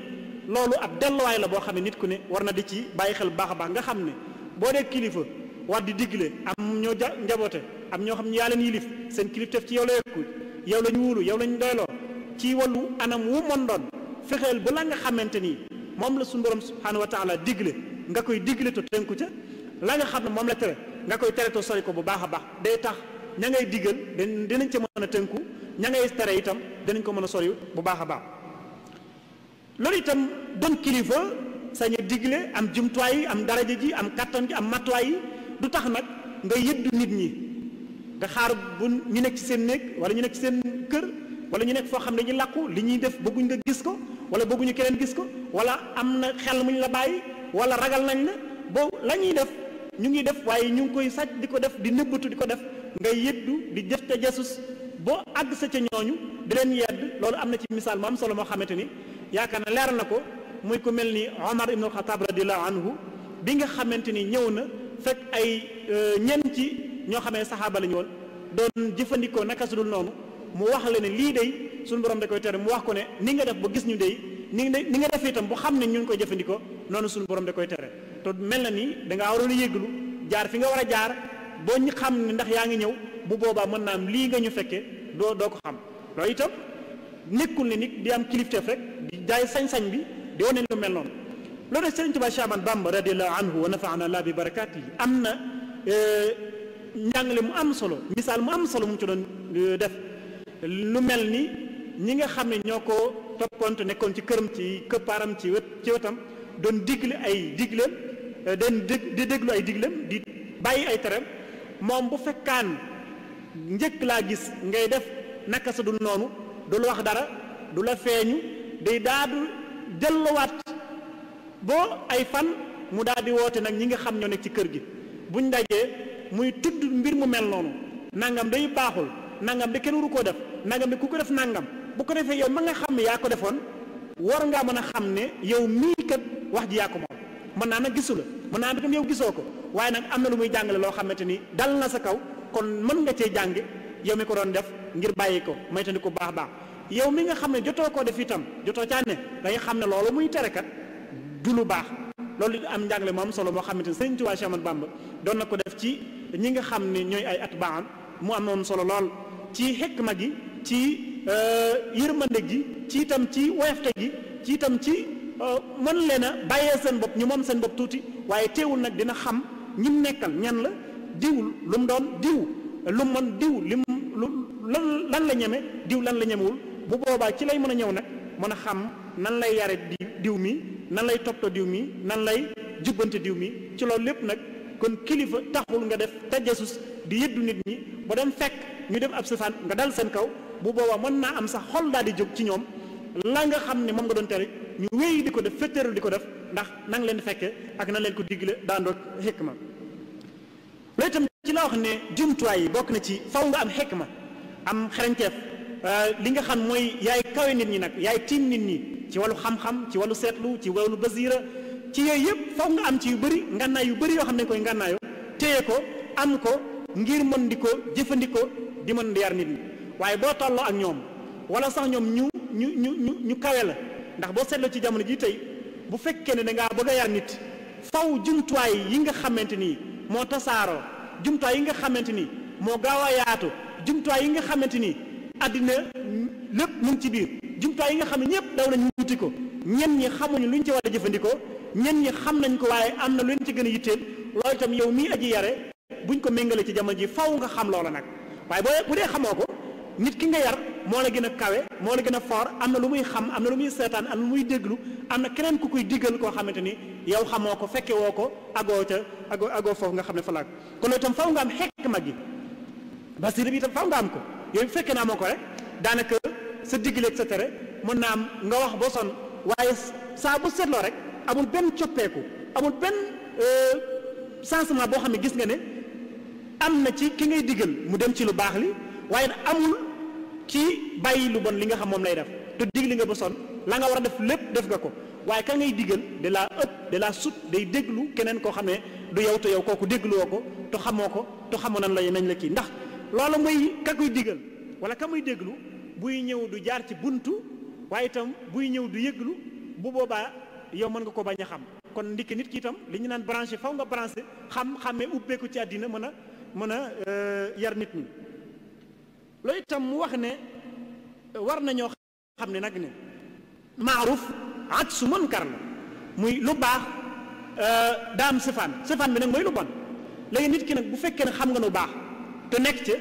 Speaker 1: loolu ab delluwaay la boo xam ne nit ku ne war na di ci bàyyi xel baax a baax nga xam ne boo dee kilifa war di digle am ñoo ja njaboote am ñoo xam ne yaa leen yilif seen kilifteef ci yow la yëkku yow lañ wuulu yow lañ doyloo ci wàllu anam wu mën doon fexeel ba la nga xamante ni moom la suñu borom subhaanahu wa taala nga koy digle to tënku ca la nga xam ne moom la tere nga koy tere to sori ko bu baax a baax day tax ña ngay digal dinañ ca mën a tënku ña ngay tere itam dinañ ko mën a sori bu baax a baax. loolu itam doon kilifa sañ digle am jumtuwaay yi am daraja ji am kàttan ji am matuwaay yi du tax nag nga yëddu nit ñi nga xaar bu ñu nekk ci seen néeg wala ñu nekk seen kër wala ñu nekk foo xam ne ñu làqu li ñuy def bëgguñ nga gis ko wala bëgguñu keneen gis ko wala am na xel muñ la bàyyi wala ragal nañ la boo lañuy def ñu ngi def waaye ñu ngi koy sàcc di ko def di nëbbatu di ko def nga yëddu di def te jasus boo àgg sa ca ñooñu di leen yedd loolu am na ci misaal mu am solo moo xamante ni yaakaar na leeral na ko muy ko mel ni Omar ibn al-Khattab radiyallahu anhu bi nga xamante ni ñëw na fekk ay euh, ñen ci ñoo xamee saxaaba la ñu woon doon jëfandikoo naka su dul noonu mu wax la ne lii day suñu borom da koy tere mu wax ko ne ni nga def ba gis ñu day ni nga ni nga def itam bu xam ne ñu ngi koy jëfandikoo noonu suñu borom da koy tere te mel na nii da ngaa waroon a yëglu jaar fi nga war a jaar boo ñu xam ni ndax yaa ngi ñëw bu boobaa mën naa am lii nga ñu fekkee doo doo ko xam loolu itam nekkul ne nit di am kilifteef rek di jaay sañ-sañ bi di wane lu mel noonu loolu nag Sëriñ Tuubaa Séex Ahmadu Bamba radiyallahu anhu wa nafaana laa bi barakaatihi am na e, njàngale mu am solo misaal mu am solo mu ci doon e, def lu mel ni ñi nga xam ne ñoo ko toppoon te nekkoon ci këram ci këppaaram ci wet ci wetam doon digle ay digleem e, doon di déglu ay digleem di bàyyi ay tereem moom bu fekkaan njëkk laa gis ngay def naka sa dul noonu du la wax dara du la feeñu day daadu delluwaat boo ay fan mu daal di woote nag ñi nga xam ñoo nekk ci kër gi buñ dajee muy tudd mbir mu mel noonu nangam day baaxul nangam de kenn waru koo def nangam de ku ko def nangam bu ko defee yow ma nga xam ne yaa ko defoon war ngaa mën a xam ne yow mii kat wax ji yaa ko moom mën naa nag gisu la mën naa itam yow gisoo ko waaye nag am na lu muy jàngale loo xamante ni dal na sa kaw kon mën nga cee jànge yow mi ko doon def ngir bàyyi ko moytandi ko baax baax yow mi nga xam ne jotoo koo def itam jotoo caa ne da xam ne loolu muy tere kat du lu baax loolu am njàngale moom solo moo xamante ne Sëriñ Tuubaa Séex Ahmadu Bamba doon na ko def ci ñi nga xam ne ñooy ay atbaam mu amoon solo lool ci xikma yi ci euh, yërmande gi ci itam ci woyafte gi ci itam ci euh, mën leen a bàyyee seen bopp ñu moom seen bopp tuuti waaye teewul nag dina xam ñim nekkal ñan la diwul lu mu doon diw lu man diw lim lu lan lan la ñeme diw lan la ñemewul bu boobaa ci lay mën a ñëw nag mën a xam nan lay yare diw mi nan lay toppatoo diw mi nan lay jubbante diw mi ci loolu lépp nag kon kilifa taxul nga def tajasus di yëddu nit ñi ba dem fekk ñu def ab safaan nga dal seen kaw bu boobaa mën naa am sax xol daal di jóg ci ñoom la nga xam ne moom nga doon tere ñu wéy di ko def fetteeru di ko def ndax nang leen fekke ak na leen ko digle daandoog ma loolu itam ci laa wax ne jumtuwaay yi bokk na ci faw nga am ma am xarañteef euh, li nga xam mooy yaay kawe nit ñi nag yaay tiim nit ñi ci wàllu xam-xam ci wàllu seetlu ci wàllu basiira ci yooyu yëpp faw nga am ci yu bëri ngànnaay yu bëri yoo xam ne koy ngànnaayoo téye ko am ko ngir mën di ko jëfandikoo di mën di yar nit ñi waaye boo tolloo ak ñoom wala sax ñoom ñu ñu ñu ñu ñu kawe la ndax boo seetloo ci jamono ji tey bu fekkee ne da ngaa bëgg a yar nit faw jumtuwaay yi nga xamante nii moo tasaaroo jumtuwaay yi nga xamante ni moo gaaw a yaatu jumtuwaay yi nga xamante ni àddina lépp mu ngi ci biir jumtuwaay yi nga xam ne ñëpp daw nañ wuti ko ñen ñi xamuñu luñ ci war a jëfandikoo ñen ñi xam nañ ko waaye am na luñ ci gën a yitteel loolu itam yow mii aji yare buñ ko méngalee ci jamono ji faw nga xam loola nag waaye boo bu dee xamoo ko nit ki nga yar moo la gën a kawe moo la gën a foor am na lu muy xam am na lu muy seetaan am lu muy déglu am na keneen ku koy diggal koo xamante ni yow xamoo ko fekkee woo ko agoo ca agoo agoo foofu nga xam ne falaak kon loolu itam faw nga am xekk mag yi basir bi itam faw nga am ko yooyu bu fekkee ne amoo ko rek daanaka sa digleeg sa tere mën naa am nga wax boo son waaye saa bu seetloo rek amul benn coppeeku amul benn euh, changement boo xam ne gis nga ne am na ci ki ngay diggal mu dem ci lu baax li waaye amul ci bàyyi lu bon li nga xam moom lay def te digli nga ba son la nga war a def lépp def nga ko waaye ka ngay digal de laa ëpp de la sut day déglu keneen koo xam ne du yow te yow kooku dégluwoo ko te xamoo ko te xamoo nan la nañ la kii ndax loolu muy ka koy digal wala ka muy déglu buy ñëw du jaar ci buntu waaye itam buy ñëw du yëglu bu boobaa yow mën nga ko bañ a xam kon ndikk nit ki itam li ñu naan branché faw nga branché xam xàmmee ubbeeku ci àddina mën a mën a euh, yar nit ñi loolu itam mu wax ne war nañoo xam ne nag ne maaruf at su kar la muy lu baax euh, daam sifaan sifaan bi nag mooy lu bon léegi nit ki nag bu fekkee ne xam nga lu baax te nekk ca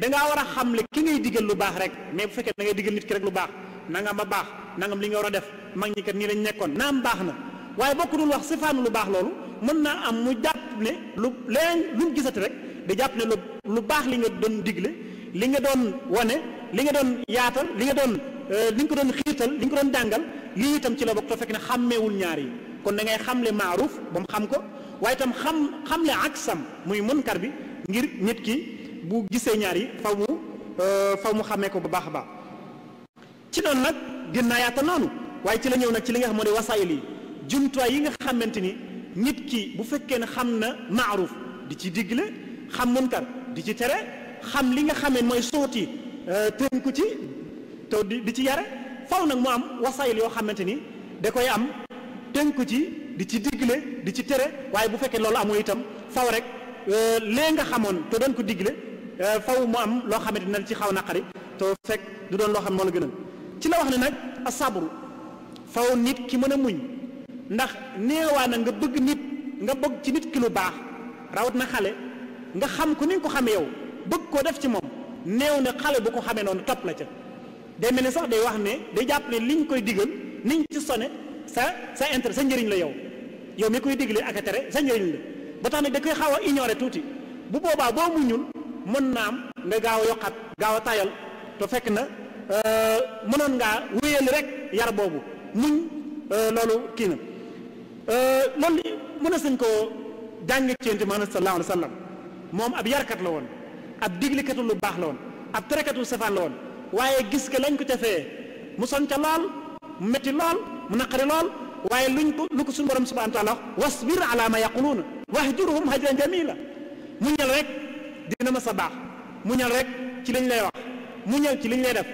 Speaker 1: dangaa war a xam le ki ngay digal lu baax rek mais bu fekkee da ngay digal nit ki rek lu baax nangam a baax nangam li nga war a def mag ñi kat nii lañ nekkoon naam baax na waaye bokk dul wax sifaanu lu baax loolu mën naa am mu jàpp ne lu leen lu mu gisati rek da jàpp ne lu baax li nga doon digle li nga doon wane li nga doon yaatal li nga doon euh, li nga ko doon xiirtal li nga ko doon jàngal lii itam ci la bokk te fekk ne xàmmeewul ñaar yi kon da ngay xamle maaruf ba mu xam ko waaye itam xam xamle ak sam muy munkar bi ngir nit ki bu gisee ñaar yi faw mu euh, mu xamee ko bu baax a baax ci noonu nag gën naa yaatal noonu waaye ci la ñëw nag ci li nga xam moo di wasaayil yi jumtuwaay yi nga xamante ni nit ki bu fekkee ne xam na maaruf di ci digle xam munkar di ci tere xam li nga xamee mooy soo sóot yi euh, ko ci te di ci yare faw nag mu am wasayil yoo xamante ni da koy am ko ci di ci digle di ci tere waaye bu fekkee loolu amoon itam faw rek euh, lee nga xamoon te doon ko digle euh, faw mu am loo xamante nañ ci xaw naqari te fekk du doon loo xam moo la gënal ci la wax ne nag a asabru faw nit ki mën a muñ ndax neewaa na nga bëgg nit nga bëgg ci nit ki lu baax rawat na xale nga xam ko ni ko xamee yow bëgg ko def ci moom néew ne xale bu ko xamee noonu topp la ca day mel ne sax day wax ne day jàpp ne liñ koy digal niñ ci sone sa sa intérêt sa njëriñ la yow yow mi koy digle ak a tere sa njëriñ la ba tax nag da koy xaw a ignorer tuuti bu boobaa boo muñul mën naa am nga gaaw a yokkaat gaaw a tayal te fekk na euh, mënoon ngaa wéyal rek yar boobu muñ euh, loolu kii na euh, loolu mën a sañ ko jànge ci yonent bi sallallahu alayhi wa sallam moom ab yarkat la woon ab diglikatu lu baax la woon ab terekatu safaan la woon waaye gis nga lañ ko jafee mu son ca lool mu metti lool mu naqari lool waaye luñ ko lu ko suñu borom subhanahu wa taala wasbir ala ma yaquluuna wahjurhum hajran jamila mu ñal rek dina ma sa baax mu ñal rek ci liñ lay wax mu ñal ci liñ lay def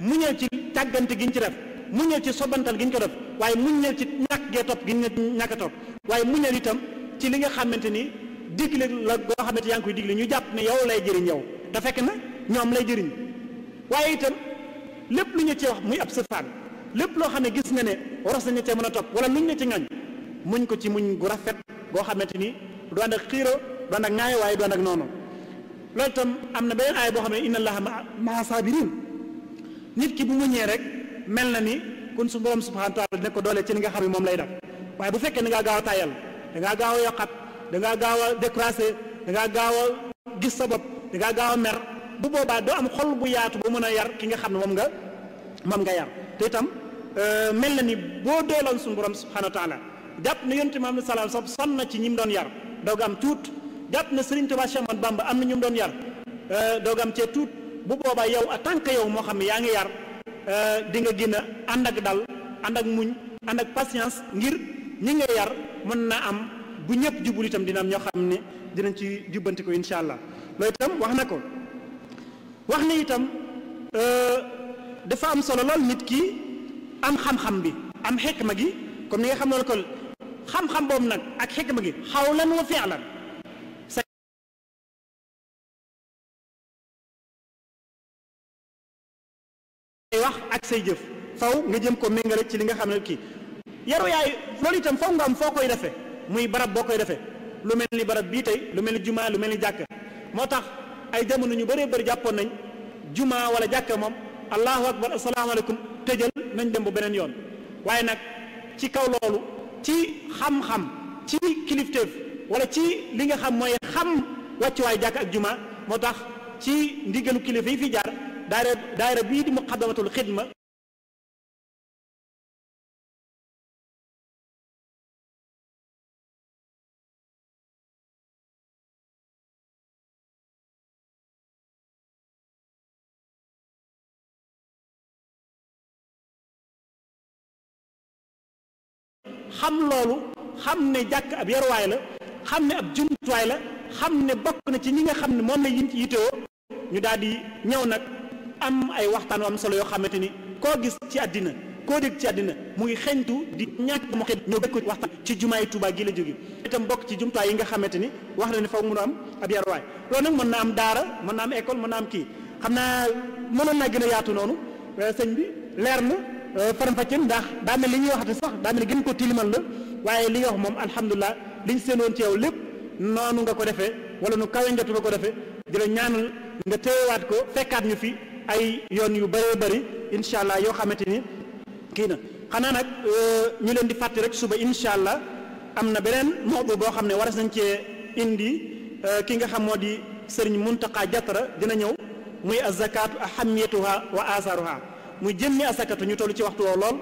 Speaker 1: mu ñal ci tàggante giñ ci def mu ñal ci sobantal giñ ko def waaye mu ñal ci ñàkk gee topp giñ ñàkk a topp waaye mu ñal itam ci li nga xamante ni digle la goo xamante yaa ngi koy digle ñu jàpp ne yow lay jëriñ yow te fekk na ñoom lay jëriñ waaye itam lépp lu ñu ci wax muy ab safaan lépp loo xam ne gis nga ne waras nañu cee mën a topp wala luñ ne ci ngañ muñ ko ci muñ gu rafet goo xamante ni du ànd ak xiiro du ànd ak ŋaayo waaye du ànd ak noonu loolu itam am na beneen aay boo xam ne inna allaha maa saabiriin nit ki bu muñee rek mel na ni kon su borom subhanahu wa taala dina ko doole ci li nga xam ne lay def waaye bu fekkee ni ngaa da ngaa gaaw a décrasser da ngaa gaaw a gis sa bopp da ngaa gaaw a mer bu boobaa doo am xol bu yaatu bu mën a yar ki nga xam ne moom nga moom nga yar te itam euh, mel na ni boo dooloon suñu borom subhanahu wa taala jàpp ne yonent maam salaam sax sonn na ci ñi mu doon yar doo am tuut jàpp ne Serigne Touba Cheikh Ahmadou Bamba am na ñu doon yar euh, doog am cee tuut bu boobaa yow en tant que yow moo xam ne yaa ngi yar euh, di nga gën ànd ak dal ànd ak muñ ànd ak patience ngir ñi nga yar mën na am. bu ñëpp jubul itam dina am ñoo xam ne dinañ ci jubbanti ko incha allah loolu itam wax na ko wax na itam euh, dafa am solo lool nit kii am xam-xam bi am xikma gi comme ni nga xam loolu ko xam-xam
Speaker 3: boobu nag ak xikma gi lan wa fi'lan say wax ak say jëf faw nga jëm ko méngale ci li nga xam kii yaru yaay loolu itam nga am foo koy
Speaker 1: defee muy barab boo koy defee lu mel ni barab bii tey lu mel ni jumaa lu mel ni jàkk moo tax ay jamono ñu bëree bëri jàppoon nañ jumaa wala jàkka moom allahu akbar asalaamaaleykum tëjal nañ dem bu beneen yoon waaye nag ci kaw loolu ci xam-xam ci kilifteef wala ci li nga xam mooy xam wàccuwaay jàkk ak jumaa
Speaker 3: moo tax ci ndigalu kilifa yi fi jaar daayira daayira bii di muqaddamatul xidma xam loolu xam ne jàkk ab yaruwaay la xam ne ab jumtuwaay la xam ne bokk na ci ñi nga xam ne moom la
Speaker 1: yiñ ci yittewoo ñu daal di ñëw nag am ay waxtaan am solo yoo xamante ni koo gis ci àddina koo dégg ci àddina mu ngi xentu di ñàkk mu xet ñëw dëkk ko waxtaan ci jumaay Tuubaa gi la jóge itam bokk ci jumtuwaay yi nga xamante ni wax na ne faw mun a am ab yaruwaay loolu nag mën na am daara mën naa am école mën naa am kii xam naa mënoon naa gën a yaatu noonu sëñ bi leer na faram-fàcceen euh, ndax daa li ñuy waxati sax daa mel gën ko tilimal la waaye li nga wax moom alhamdulilah liñ seenoon ci yow lépp noonu nga ko defee wala nu kawe njot nga ko defee di la ñaanal nga teewaat ko fekkaat ñu fi ay yoon yu bëree bëri incha allah yoo xamante ni kii na xanaa nag euh, ñu leen di fàtte rek suba incha allah am na beneen moobu boo xam ne waras nañ cee indi euh, ki nga xam moo di sëriñ Muntaqa Jatara dina ñëw muy azakaatu ahamiyatuha muy jëmmi asakatu ñu toll ci waxtu woo lool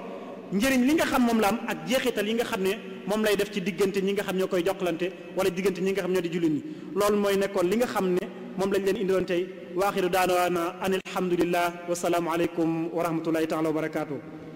Speaker 1: njëriñ li nga xam moom la am ak jeexital yi nga xam ne moom lay def ci diggante ñi nga xam ñoo koy jokkalante wala diggante ñi nga xam ñoo di jullit ñi loolu mooy nekkoon li nga xam ne moom lañ leen indiloon tey waaxiru daanawaana an alhamdulillah wasalaamu aleykum wa rahmatullahi taala wa
Speaker 3: barakaatu